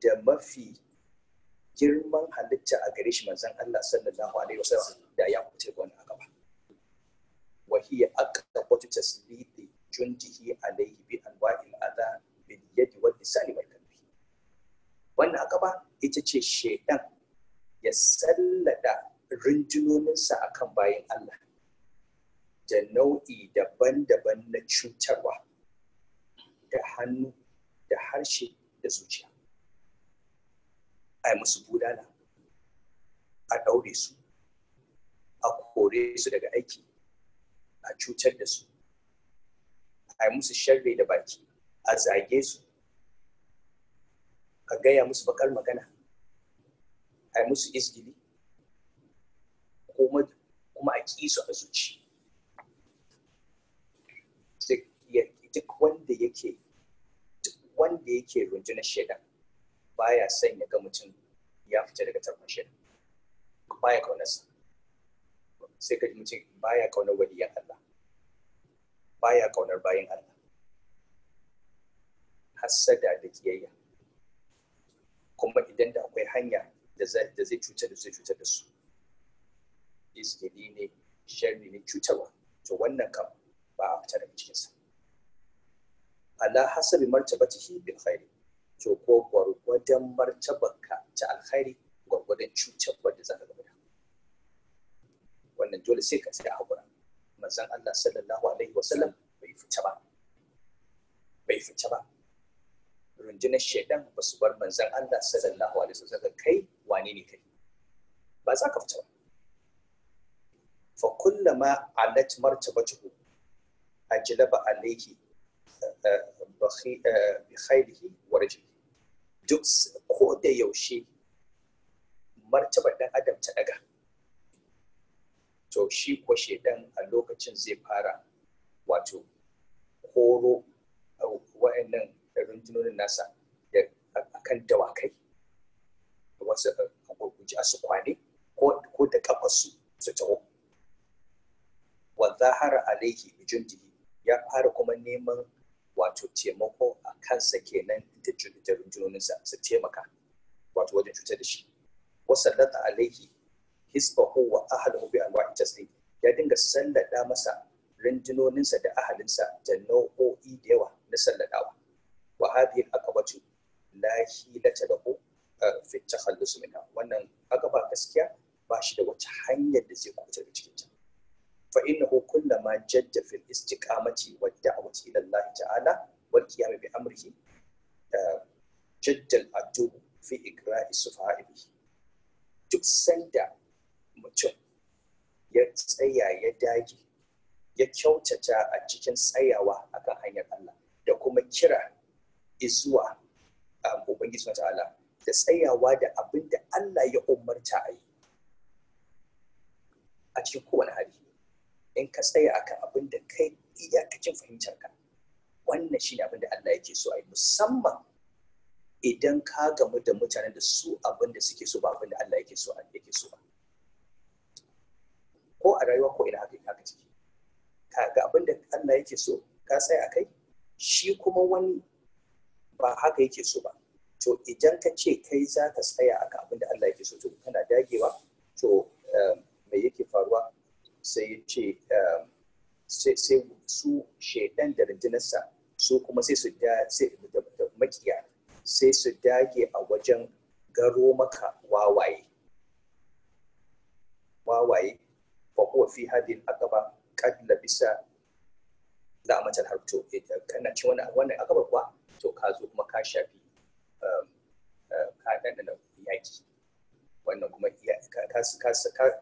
da mafi girman halitta a gare shi manzon Allah sallallahu alaihi wasallam da ya kuce gona a gaba wa hiya aqrabatu tasliti junjihi alaihi bi anwa'il adha bil yadi wal lisani wal qalbi wannan akaba ita ce shedan ya sallada sa akan bayan Allah da nau'i daban-daban na cutarwa da hannu da harshe da zuciya a yi musu budala a ɗaure su a kore su daga aiki a cutar da su a yi musu sharri da baki a zage su a gaya musu bakar magana a yi musu izgili kuma a ƙi su a zuci duk wanda yake duk wanda yake rundunar shaidan baya son ya ga mutum ya fita daga tarkon shi baya kaunarsa sai ka ji mutum baya kaunar waliyan Allah baya kaunar bayin Allah hassada da kiyayya kuma idan da akwai hanya da zai cutar da zai cutar da su izgili ne sharri ne cutarwa to wannan kam ba a fita daga cikinsa ala hasabi martabatihi bil khairi to ko gwargwadon martabarka ta alkhairi gwargwadon cutar ka zaka gaba wannan dole sai ka sai haƙura manzon Allah sallallahu alaihi wasallam bai fita ba bai fita ba rundunar shaidan ba su bar manzon Allah sallallahu alaihi wasallam kai wane ne kai ba za ka fita ba fa kullama alat martabatuhu ajlaba alayhi eh, eh, eh, wa ورجله duk ko da yaushe martaba dan adam ta daga to shi ko shedan a lokacin zai fara wato koro uh, wa'annan rundunonin nasa da akan dawakai wasu uh, a gurguje a su kwane ko da kafarsu su taho wa zahara alaihi bijundi ya fara kuma neman wato taimako a kansa kenan da rundunoninsa su taimaka wato wajen cutar da shi wasallata alaihi hisbahu wa ahlahu bi anwa'i taslim ya dinga sallada masa rinjinoninsa da ahalinsa da nau'o'i da yawa na salladawa wa hadhihi al-aqabatu la hilata lahu eh, fi takhallus minha wannan aqaba gaskiya ba shi da wata hanyar da zai kubuta daga cikin fa innahu kullama jadda fil istiqamati wad da'wati ila Allah ta'ala wal qiyam bi amrihi jadda al-abdu fi igra'i sufa'ihi duk sanda mutum ya tsaya ya dage ya kyautata a cikin tsayawa akan hanyar Allah da kuma kira izuwa Ubangiji ta'ala da tsayawa da abinda Allah ya umarta a yi a cikin kowane hali in ka tsaya akan abin da kai iyakacin fahimtar ka wannan shine abin da Allah yake so a yi musamman idan ka gamu da mutanen da su abin da suke so ba abin da Allah yake so a yake so ba ko a rayuwa ko ina haka haka ciki ka ga abin da Allah yake so ka tsaya akai shi kuma wani ba haka yake so ba to idan ka ce kai za ka tsaya akan abin da Allah yake so to kana dagewa to eh, me yake faruwa sai ya ce um, sai su shaidan da rundunarsa su kuma sai su da makiya sai su dage a wajen garo maka wawaye wawaye ba kuwa fi hadin a gaba, labisa da matal har to eh, kana ci wannan wannan gaba kuwa to ka zo kuma ka shafi um, uh, ka dandana yaki wannan kuma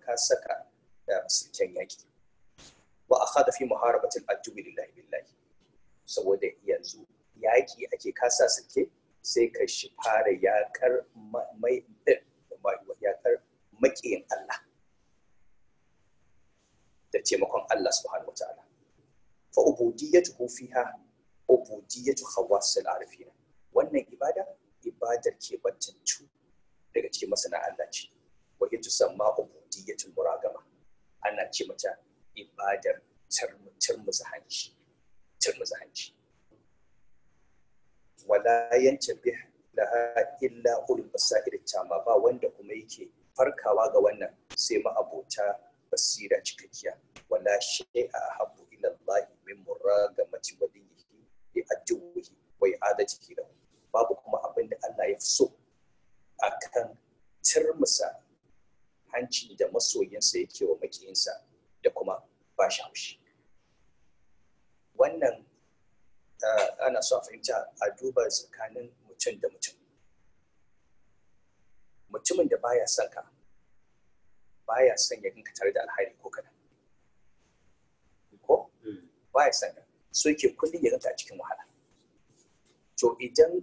ka saka musulken yaki wa akhadha fi muharabati al lillahi billahi saboda yanzu yaki ake kasa suke, sai ka shi fara yakar mai yakar makiyin Allah da taimakon Allah subhanahu wataala fa ubudiyyatuhu fiha ubudiyyatu khawas arifina wannan ibada ibadar ke bantantu daga cikin masana Allah ce wa ita samma ubudiyyatul muragam ana ce mata ibadar cirmuza hanci cirmuza hanci wala bi laha illa ulul basair tama ba wanda kuma yake farkawa ga wannan sai ma abota basira cikakkiya wala shay'a habbu ila Allah min muragamati walihi bi ajwihi wa i'adatihi babu kuma abin da Allah ya fi so akan cirmusa hanci da masoyinsa yake wa makiyinsa da kuma ba shi haushi wannan eh, ana so a fahimta a duba tsakanin mutum da mutum mutumin da baya son ka baya son ya ginka tare da alhari ko kana ko hmm. baya son ka so yake kullum ya ganta a cikin wahala to idan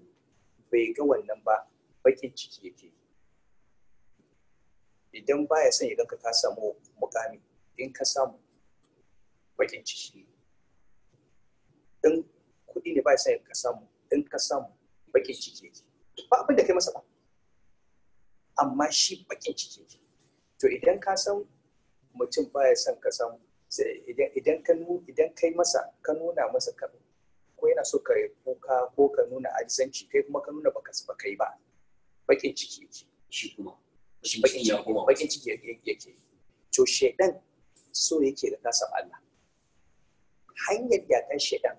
bai ga wannan ba bakin ciki yake yi idan baya son ya ka samu mukami in ka samu bakin ciki in kudi ne baya son ya ka samu in ka samu bakin ciki yake ba abin da kai masa ba amma shi bakin ciki yake to idan ka san mutum baya son ka samu idan ka idan kai masa ka nuna masa ka ko yana so ka kuka ko ka nuna ajizanci kai kuma ka nuna baka ba kai ba bakin ciki yake shi kuma shi bakin ciki kuma bakin ciki yake to shedan so yake da kasa Allah hanyar yakan shedan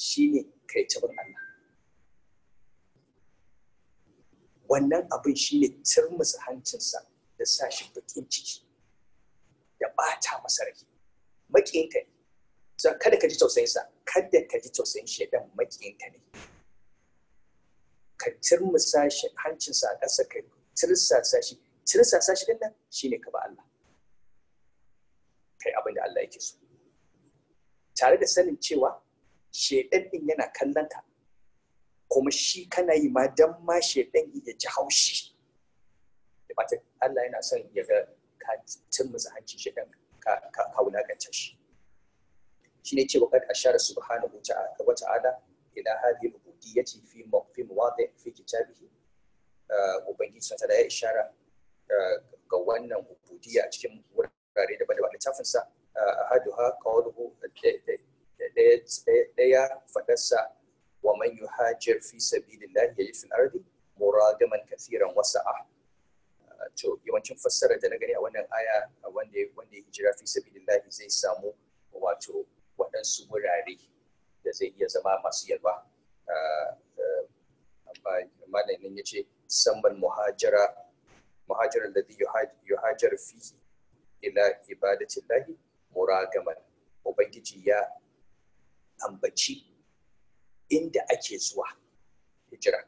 shine kai tabin Allah wannan abin shine turmusa hancinsa da sa shi bakin ciki da bata masa rai bakin ne so kada ka ji tausayin sa kada ka ji tausayin shedan makiyinka ne ka turmusa hancinsa a ƙasa kai tirsasa shi tirsasa shi din nan shine ka ba Allah kai abin da Allah yake so tare da sanin cewa shedan din yana kallon ka kuma shi kana yi ma dan ma shedan ya ji haushi da fatan Allah yana son ya ga ka tummuza hancin shedan ka ka wulakanta shi shine cewa kad ashara subhanahu wa ta'ala ila hadhihi al-ubudiyyati fi mawdi' fi kitabihi ubangiji sun da ya ishara ga wannan ubudiyya a cikin wurare daban-daban sa, eh, ahaduha qawluhu daya fadarsa wa man yuhajir fi sabilillahi yajid fil ardi muragaman kathiran wasa'a eh, to yawancin fassara da na gani a wannan aya a wanda ya hijira fi sabilillahi zai samu wato waɗansu wurare da zai iya zama masu yalwa eh, malamin ya ce سمى المهاجر مهاجر الذي يهاجر فيه إلى عبادة الله مراغما وبنجي يا أمبتشي inda ake zuwa hijira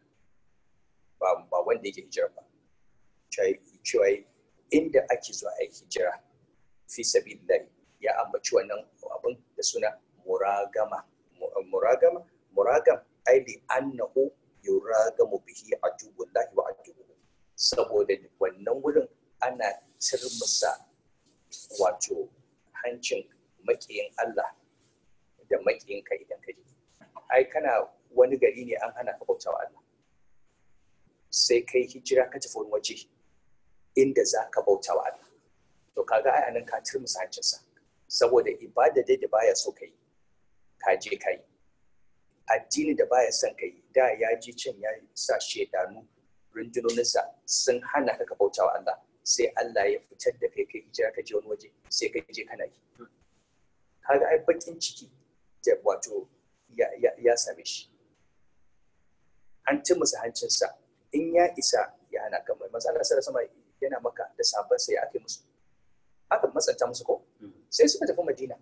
ba ba wanda yake hijira ba inda ake zuwa a hijira fi sabilillah ya ambaci wannan abin da suna muragama muragama muragam ai annahu yuragamu bihi lahi wa saboda wannan wurin ana turmusa wato hancin makiyin Allah da makiyin ka idan ka ai kana wani gari ne an hana ka bautawa Allah sai kai hijira ka tafi wani waje inda za ka bautawa Allah to kaga ai anan ka turmusa hancinsa saboda ibada dai da baya so kai ka je ka yi addini da baya son ka yi da ya ji cin ya sa shedanu rundunoninsa sun hana ka bauta wa Allah sai Allah ya fitar da kai kai hijira ka je wani waje sai ka je kana yi kaga ai bakin ciki da wato ya same shi hancin musu hancinsa in ya isa ya hana ka mai matsala sai sama yana maka da sabon sai ake musu aka matsanta musu ko hmm. sai suka tafi madina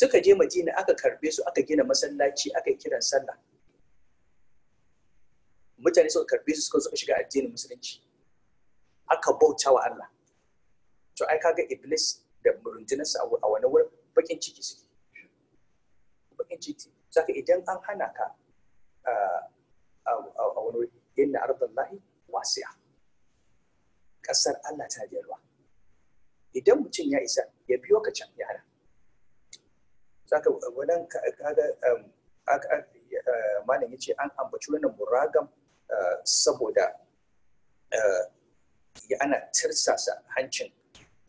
suka je madina aka karbe su aka gina masallaci aka yi kiran sallah mutane suka karbe su suka shiga addinin musulunci aka bauta wa Allah to ai kaga iblis da runtunarsa a wani wurin bakin ciki suke bakin ciki saka idan an hana ka a wani inna ardallahi wasi'a kasar Allah ta da idan mutum ya isa ya biyo ka can ya hana saka uh, wannan kaga um, uh, malam ya ce an ambaci wannan muragam uh, saboda ya ana tirsasa hancin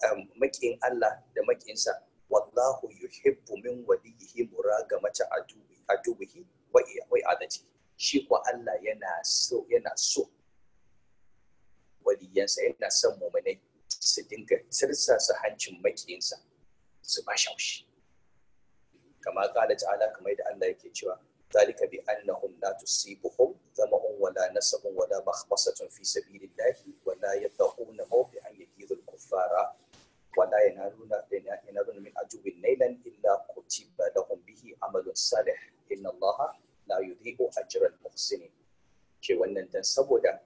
um, maƙin Allah da maƙinsa wallahu yuhibbu min waliyihi muragamata aduwihi wa adati shi kuwa Allah yana so yana so waliyansa yana son mu'minai su dinga tirsasa hancin maƙinsa su ba shaushi kama kala ala kamar da Allah yake cewa zalika bi annahum la tusibuhum zama'un wala nasabun wala makhmasatun fi sabilillahi wala yataquna mawdi'an yakidul kuffara wala yanaluna yanaluna min ajubin nailan illa kutiba lahum bihi amalun salih inna Allah la yudhi'u ajral muhsinin ke wannan dan saboda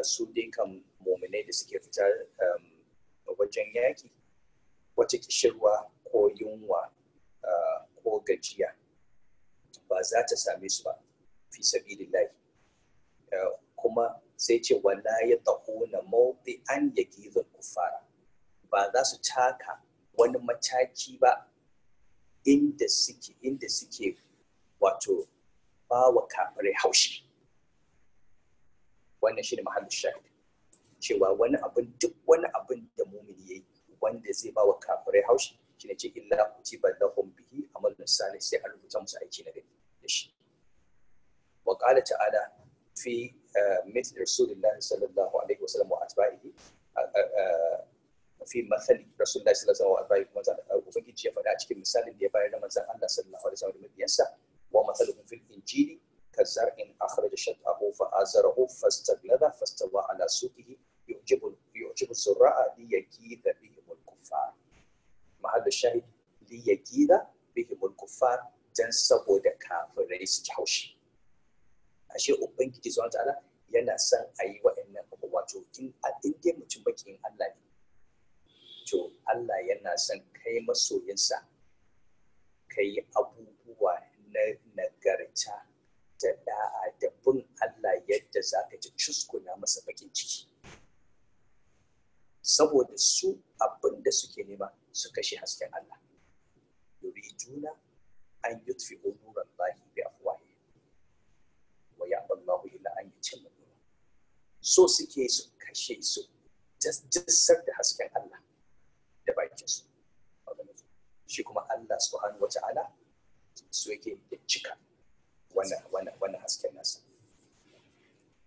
su dai kan muminai da suke fita wajen yaki wata kishirwa ko yunwa ko gajiya ba za ta same su ba fi sabilillahi eh, kuma sai ce wala ya na mawdi an yagiza kufara ba za su taka wani mataki ba inda suke inda suke wato ba wa kafirai haushi wannan shine mahallin shahid cewa wani abin duk wani abin da ya yi, wanda zai ba wa kafirai haushi shi ne ce illa kutiba lahum bihi amalun salih sai an rubuta musu aiki na gari da shi wa qala ta'ala fi eh, mithl rasulillahi sallallahu alaihi wa sallam wa atba'ihi fi mathali rasulullahi sallallahu alaihi wa sallam wa atba'ihi uh, ubangiji ya faɗa a cikin misalin da ya bayar da manzon Allah sallallahu alaihi wa sallam da mabiyansa wa mathaluhum fil injili كزرع أخرج شطأه فآزره فاستغلظ فاستوى على سوقه يعجب يعجب الزراع ليكيد بهم الكفار mahallu shahidi gira yaqila bihimul kuffar dan saboda kafirai su ji haushi ashe ubangiji subhanahu ta'ala yana son a yi wa'annan abubuwa to in dai mutum bakin Allah ne to Allah yana son kai masoyinsa kai abubuwa na nagarta da da'a da bin Allah yadda za ka cuskuna masa bakin ciki saboda su abin da suke nema su kashe hasken Allah juna an yi yutfi'u Allah bi afwahi wa ya Allahu illa an cin nura so suke su kashe su jassar da hasken Allah da bakin su shi kuma Allah subhanahu wa ta'ala su yake da cika wannan hasken nasa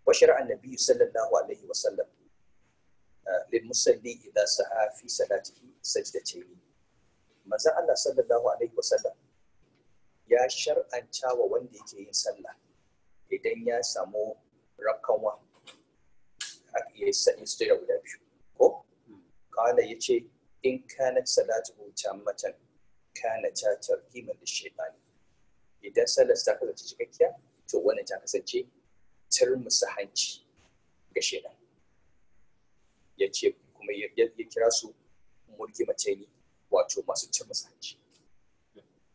wa shar'an nabiyyu sallallahu alaihi wa sallam للمصلي إذا سعى في صلاته سجدتين manzon Allah sallallahu alaihi wasallam ya shar'anta wa wanda yake yin sallah idan ya samu rakanwa ya yi sujjada guda biyu ko kala ya ce in kana salatu tammatan kana ta tarkiman da shaytani idan sallar ta kasance cikakkiya to wannan ta kasance turmusa hanci ga shaytan ya ce kuma ya kira su mulki mace ne wato masu cin masa hanci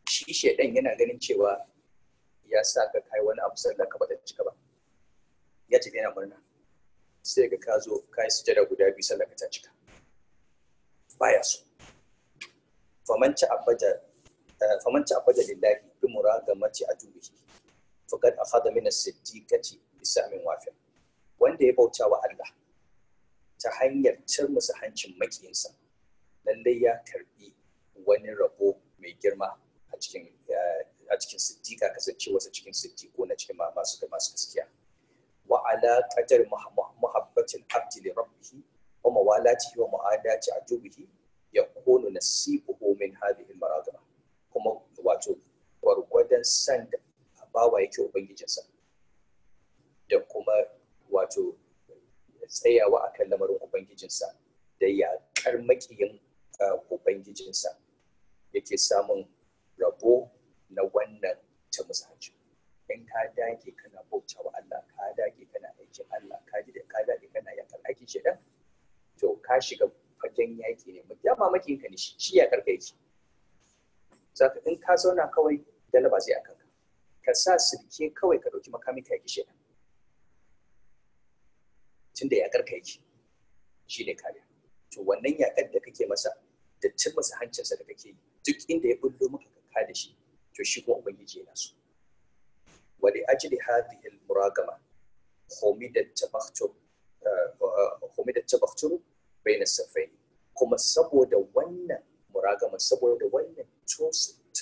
shi shaidan yana ganin cewa ya sa ka kai wani abu sallah ka bata cika ba ya ce yana murna sai ga ka zo ka yi jira guda biyu sallah ka ta cika baya so faman ci abada eh, faman mura ga mace a muragamati adubihi faqad akhadha min as-siddiqati bisa min wafi wanda ya bauta wa Allah ta hanyar cirmusa hancin makiyinsa lallai ya karbi wani rabo mai girma a cikin eh, a cikin siddiqa cikin ko na cikin masu da masu gaskiya wa ala qadar muhabbatin abdi li rabbih wa mawalatihi wa mu'adati ajubihi yakunu nasibuhu min hadhihi al-maradama kuma wato gwargwadon san da bawa yake ubangijinsa da kuma wato da tsayawa kan lamarin ubangijinsa da yaƙar maƙiyin ah, ubangijinsa yake samun rabo na wannan ta musaci in ka dage kana bauta wa Allah ka dage kana aikin Allah ka ji ka dage kana yaƙar aikin shaidan to ka shiga fagen yaƙi ne ya mamakin ka ne shi yaƙar ka yake zaka in ka zauna kawai galaba zai akan ka ka sa sirke kawai ka ɗauki makami ka yaƙi shaidan tunda yakar ka yake shi ne kariya to wannan yakar da kake masa da cin masa hancinsa da kake yi duk inda ya bullo maka ka kada shi to shi kuma ubangiji yana so wa li ajli hadhihi al muragama humidat tabakhtur eh, humidat tabakhtur bain kuma saboda wannan muragama saboda wannan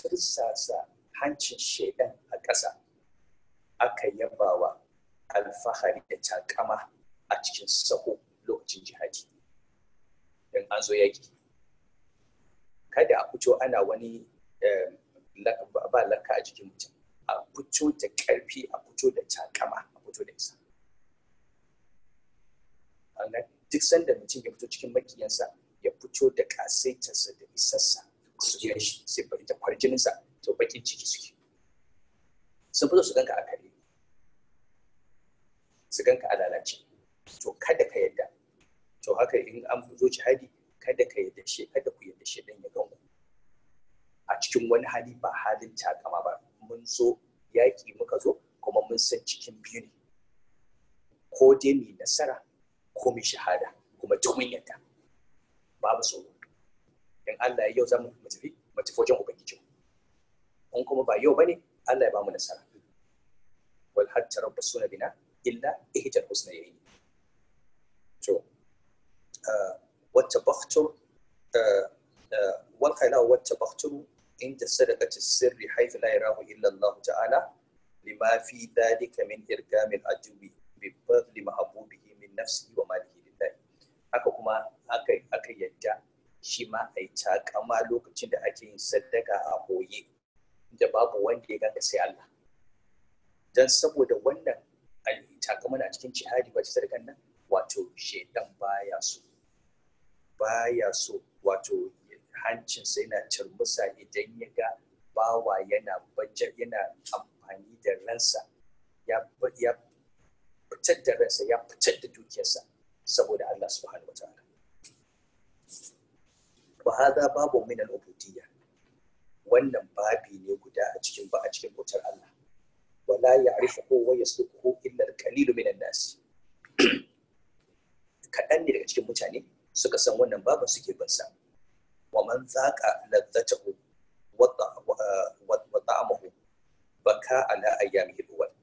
tursasa hancin shaidan a ƙasa aka yabawa alfahari da takama a cikin sahu lokacin jihadi in an zo yaki kada a fito ana wani eh, ba laka a jikin mutum a fito da ƙarfi a fito da takama a fito da isa duk sanda mutum ya fito cikin makiyansa ya fito da kasaitarsa da isarsa su yi shi sai bari ta kwarjininsa to bakin ciki suke sun fito su ganka a kare su ganka a lalace to kada ka yadda to haka in an zo jihadi kada ka yadda shi kada ku yadda shi dan ya gan ku a cikin wani hali ba halin takama ba mun zo yaƙi muka zo kuma mun san cikin biyu ne ko dai mai nasara ko mai shahada kuma duk mun yadda babu tsoro in Allah ya yau zamu mu tafi mu tafi wajen ubangiji in kuma ba yau bane Allah ya ba nasara wal hatta suna bina illa ihtal husnayni والتبختر والخلاء والتبختر عند صدقة السر حيث لا يراه إلا الله تعالى لما في ذلك من إرقام العجب ببذل محبوبه من نفسه وماله لله haka kuma aka yadda shi ma a yi takama lokacin da ake yin sadaka a boye da babu wanda ya ganka sai Allah don saboda wannan takamana a cikin jihadi ba ta sadakan nan wato shedan baya so baya so wato hancinsa yana cirmusa idan ya ga bawa yana bajar yana amfani da ransa ya fitar da ransa ya fitar da dukiyarsa saboda Allah subhanahu wa ta'ala wa hada babu min al-ubudiyya wannan babi ne guda a cikin ba a cikin bautar Allah wala ko wa yasluquhu illa al qalilu min an-nas kadan ne daga cikin mutane suka san wannan baban suke bin sa wa man zaqa ladzatahu wa ta'amahu baka ala ayyamihi duwal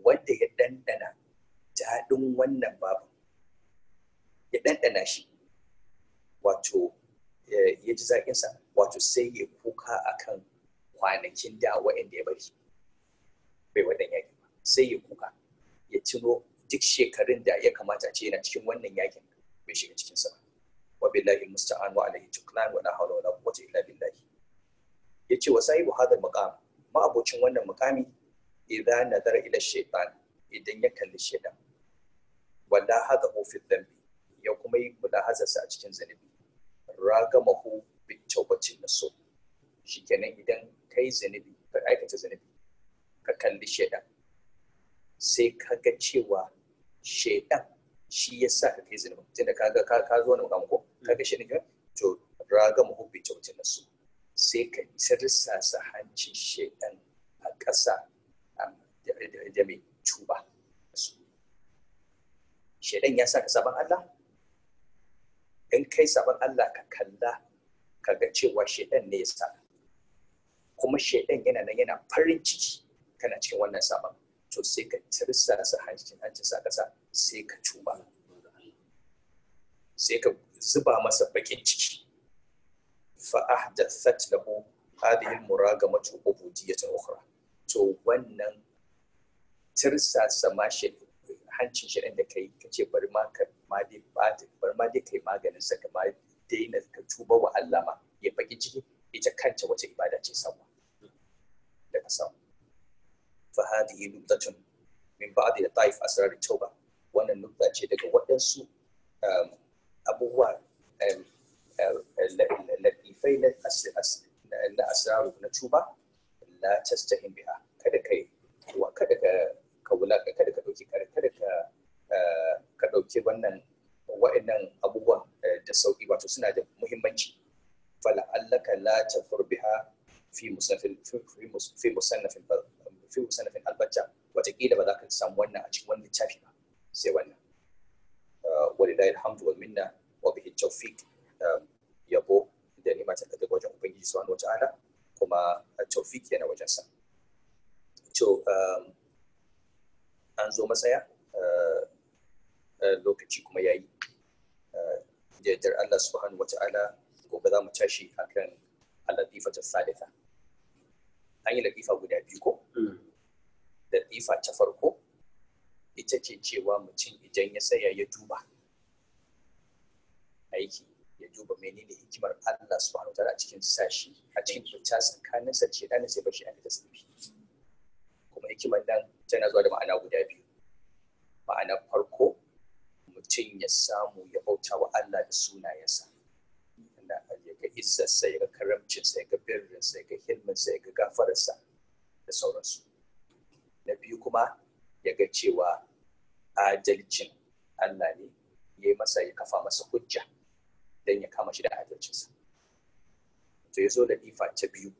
wanda ya dandana daɗin wannan baban ya dandana shi wato ya ji zaƙin sa wato sai ya kuka akan kwanakin da wa'anda ya bari bai wadan yaki ba sai ya kuka ya ciro duk shekarun da ya kamata ce yana cikin wannan yakin bai shiga cikin sa ba wa billahi musta'an wa alaihi tuklan wa la hawla wa la quwwata illa billahi yace wa sahibu hadal maqam ma'abocin wannan mukami idan nazara ila shaytan idan ya kalli shaytan walla hada hu fi dhanbi ya kuma yi mulahazarsa a cikin zanubi ragamahu bi tawbatin nasu shikenan idan kai zanubi ka aikata zanubi ka kalli shaytan sai ka ga cewa shaidan shi ya sa ka kai zunubin tunda kaga ka zo wani mukamu ko kaga shi ne to raga muhubbi ta nasu sai ka sa hanci shaidan a ƙasa da mai tuba shaidan ya sa ka saban Allah in kai saban Allah ka kalla ka ga cewa shaidan ne ya sa kuma shaidan yana nan yana farin ciki kana cikin wannan saban to sai ka sa hanci hanci sa ƙasa sai ka tuba. sai ka zuba masa bakin ciki fa ahdathat lahu hadhihi al-muragamatu ubudiyyatan ukhra to wannan tirsasa ma shi hancin shi da kai kace bari ma ka ma dai bari ma dai kai maganin sa ka ma daina ka tuba wa Allah ma ya baki ciki ita kanta wata ibada ce sabuwa da ka samu fa hadhihi nubtatun min ba'di taif asrar tauba wannan nubta ce daga waɗansu um, abubuwa latifai na asirar na cuba la tastahin biha kada kai wa kada ka ka kada ka dauki kada ka eh, ka dauki wannan wa'annan abubuwan eh, da sauki wato suna da muhimmanci fala allaka la tafur biha fi musannafin fi musannafin fi musannafin albatta wata kila ba za ka samu wannan a cikin wani littafi ba sai wannan walillahi alhamdu wal minna wa bihi tawfiq um, yabo da ni mata ta daga wajen ubangiji subhanahu wa ta'ala kuma uh, tawfiq yana wajen sa to um, an zo matsaya uh, uh, lokaci kuma yayi da yardar Allah subhanahu wa ta'ala gobe za mu tashi akan al-latifa ta an yi latifa guda biyu ko mm. latifa ta farko ita ce cewa mutum idan ya tsaya ya duba aiki ya duba menene hikimar Allah subhanahu wa ta'ala a cikin sashi a cikin fita tsakanin sa ce dan sai bashi a da tsibi kuma hikimar nan tana zuwa da ma'ana guda biyu ma'ana farko mutum ya samu ya bauta wa Allah da sunayensa da ya ga izzarsa ya ga karamcinsa ya ga birrinsa ya ga hilminsa ya ga gafararsa da sauransu na biyu kuma ya ga cewa adalcin Allah ne ya yi masa ya kafa masa hujja don ya kama shi da adalcinsa to ya zo da ifa ta biyu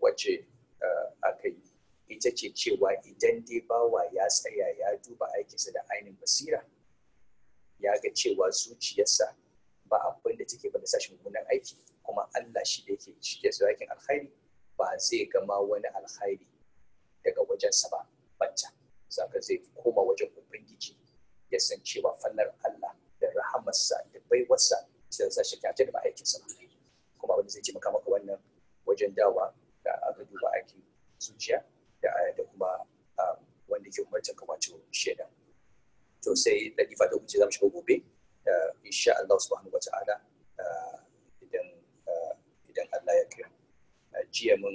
wacce eh, aka yi ita ce cewa idan dai bawa ya tsaya ya duba aikinsa da ainin basira ya ga cewa zuciyarsa ba abin da take bada sashi mummunan aiki kuma Allah shi da yake cike su aikin alkhairi ba zai gama wani alkhairi daga wajensa ba bacca zaka zai koma wajen ubangiji ya san cewa fannar Allah da rahamarsa da baiwarsa sai da sashi kyautar da ba aikin sa kuma abin da zai taimaka maka wannan wajen dawa da aka duba aikin zuciya da kuma wanda ke umarcin ka wato shaida to sai da ifa ta wuce zamu shiga gobe insha Allah subhanahu wata'ala idan idan Allah ya kai jiya mun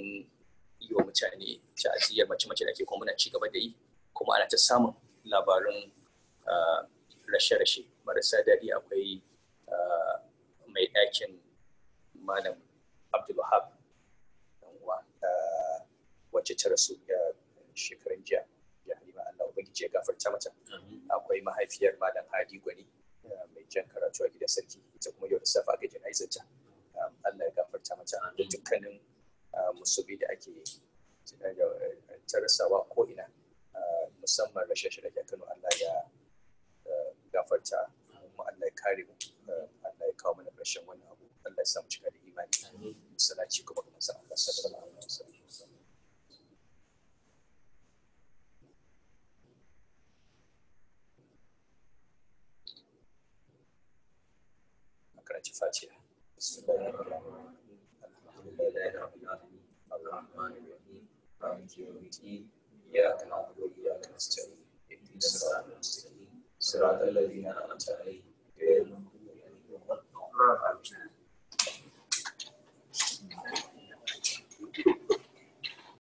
yi wa mutane ta'aziyya mace mace da ke kuma muna ci gaba da yi kuma ana ta samun labarin rashe-rashe marasa daɗi akwai mai ɗakin malam abdulwahab wacce ta rasu shekarun jiya ya halima allah ubangiji ya gafarta mata akwai mahaifiyar malam hadi gwani mai jan karatu a gidan sarki ita kuma yau da safa aka jana'izar ta um, allah ya gafarta mata da dukkanin uh, musubi da ake uh, ta rasawa ko ina uh, musamman rashin shirya kano allah ya gafarta kuma Allah ya kare mu eh, Allah ya kawo mana ƙarshen wannan abu Allah ya sa mu cika da imani salati kuma ga manzon Allah sallallahu alaihi wasallam karanci fatiha إياك نعبد eh,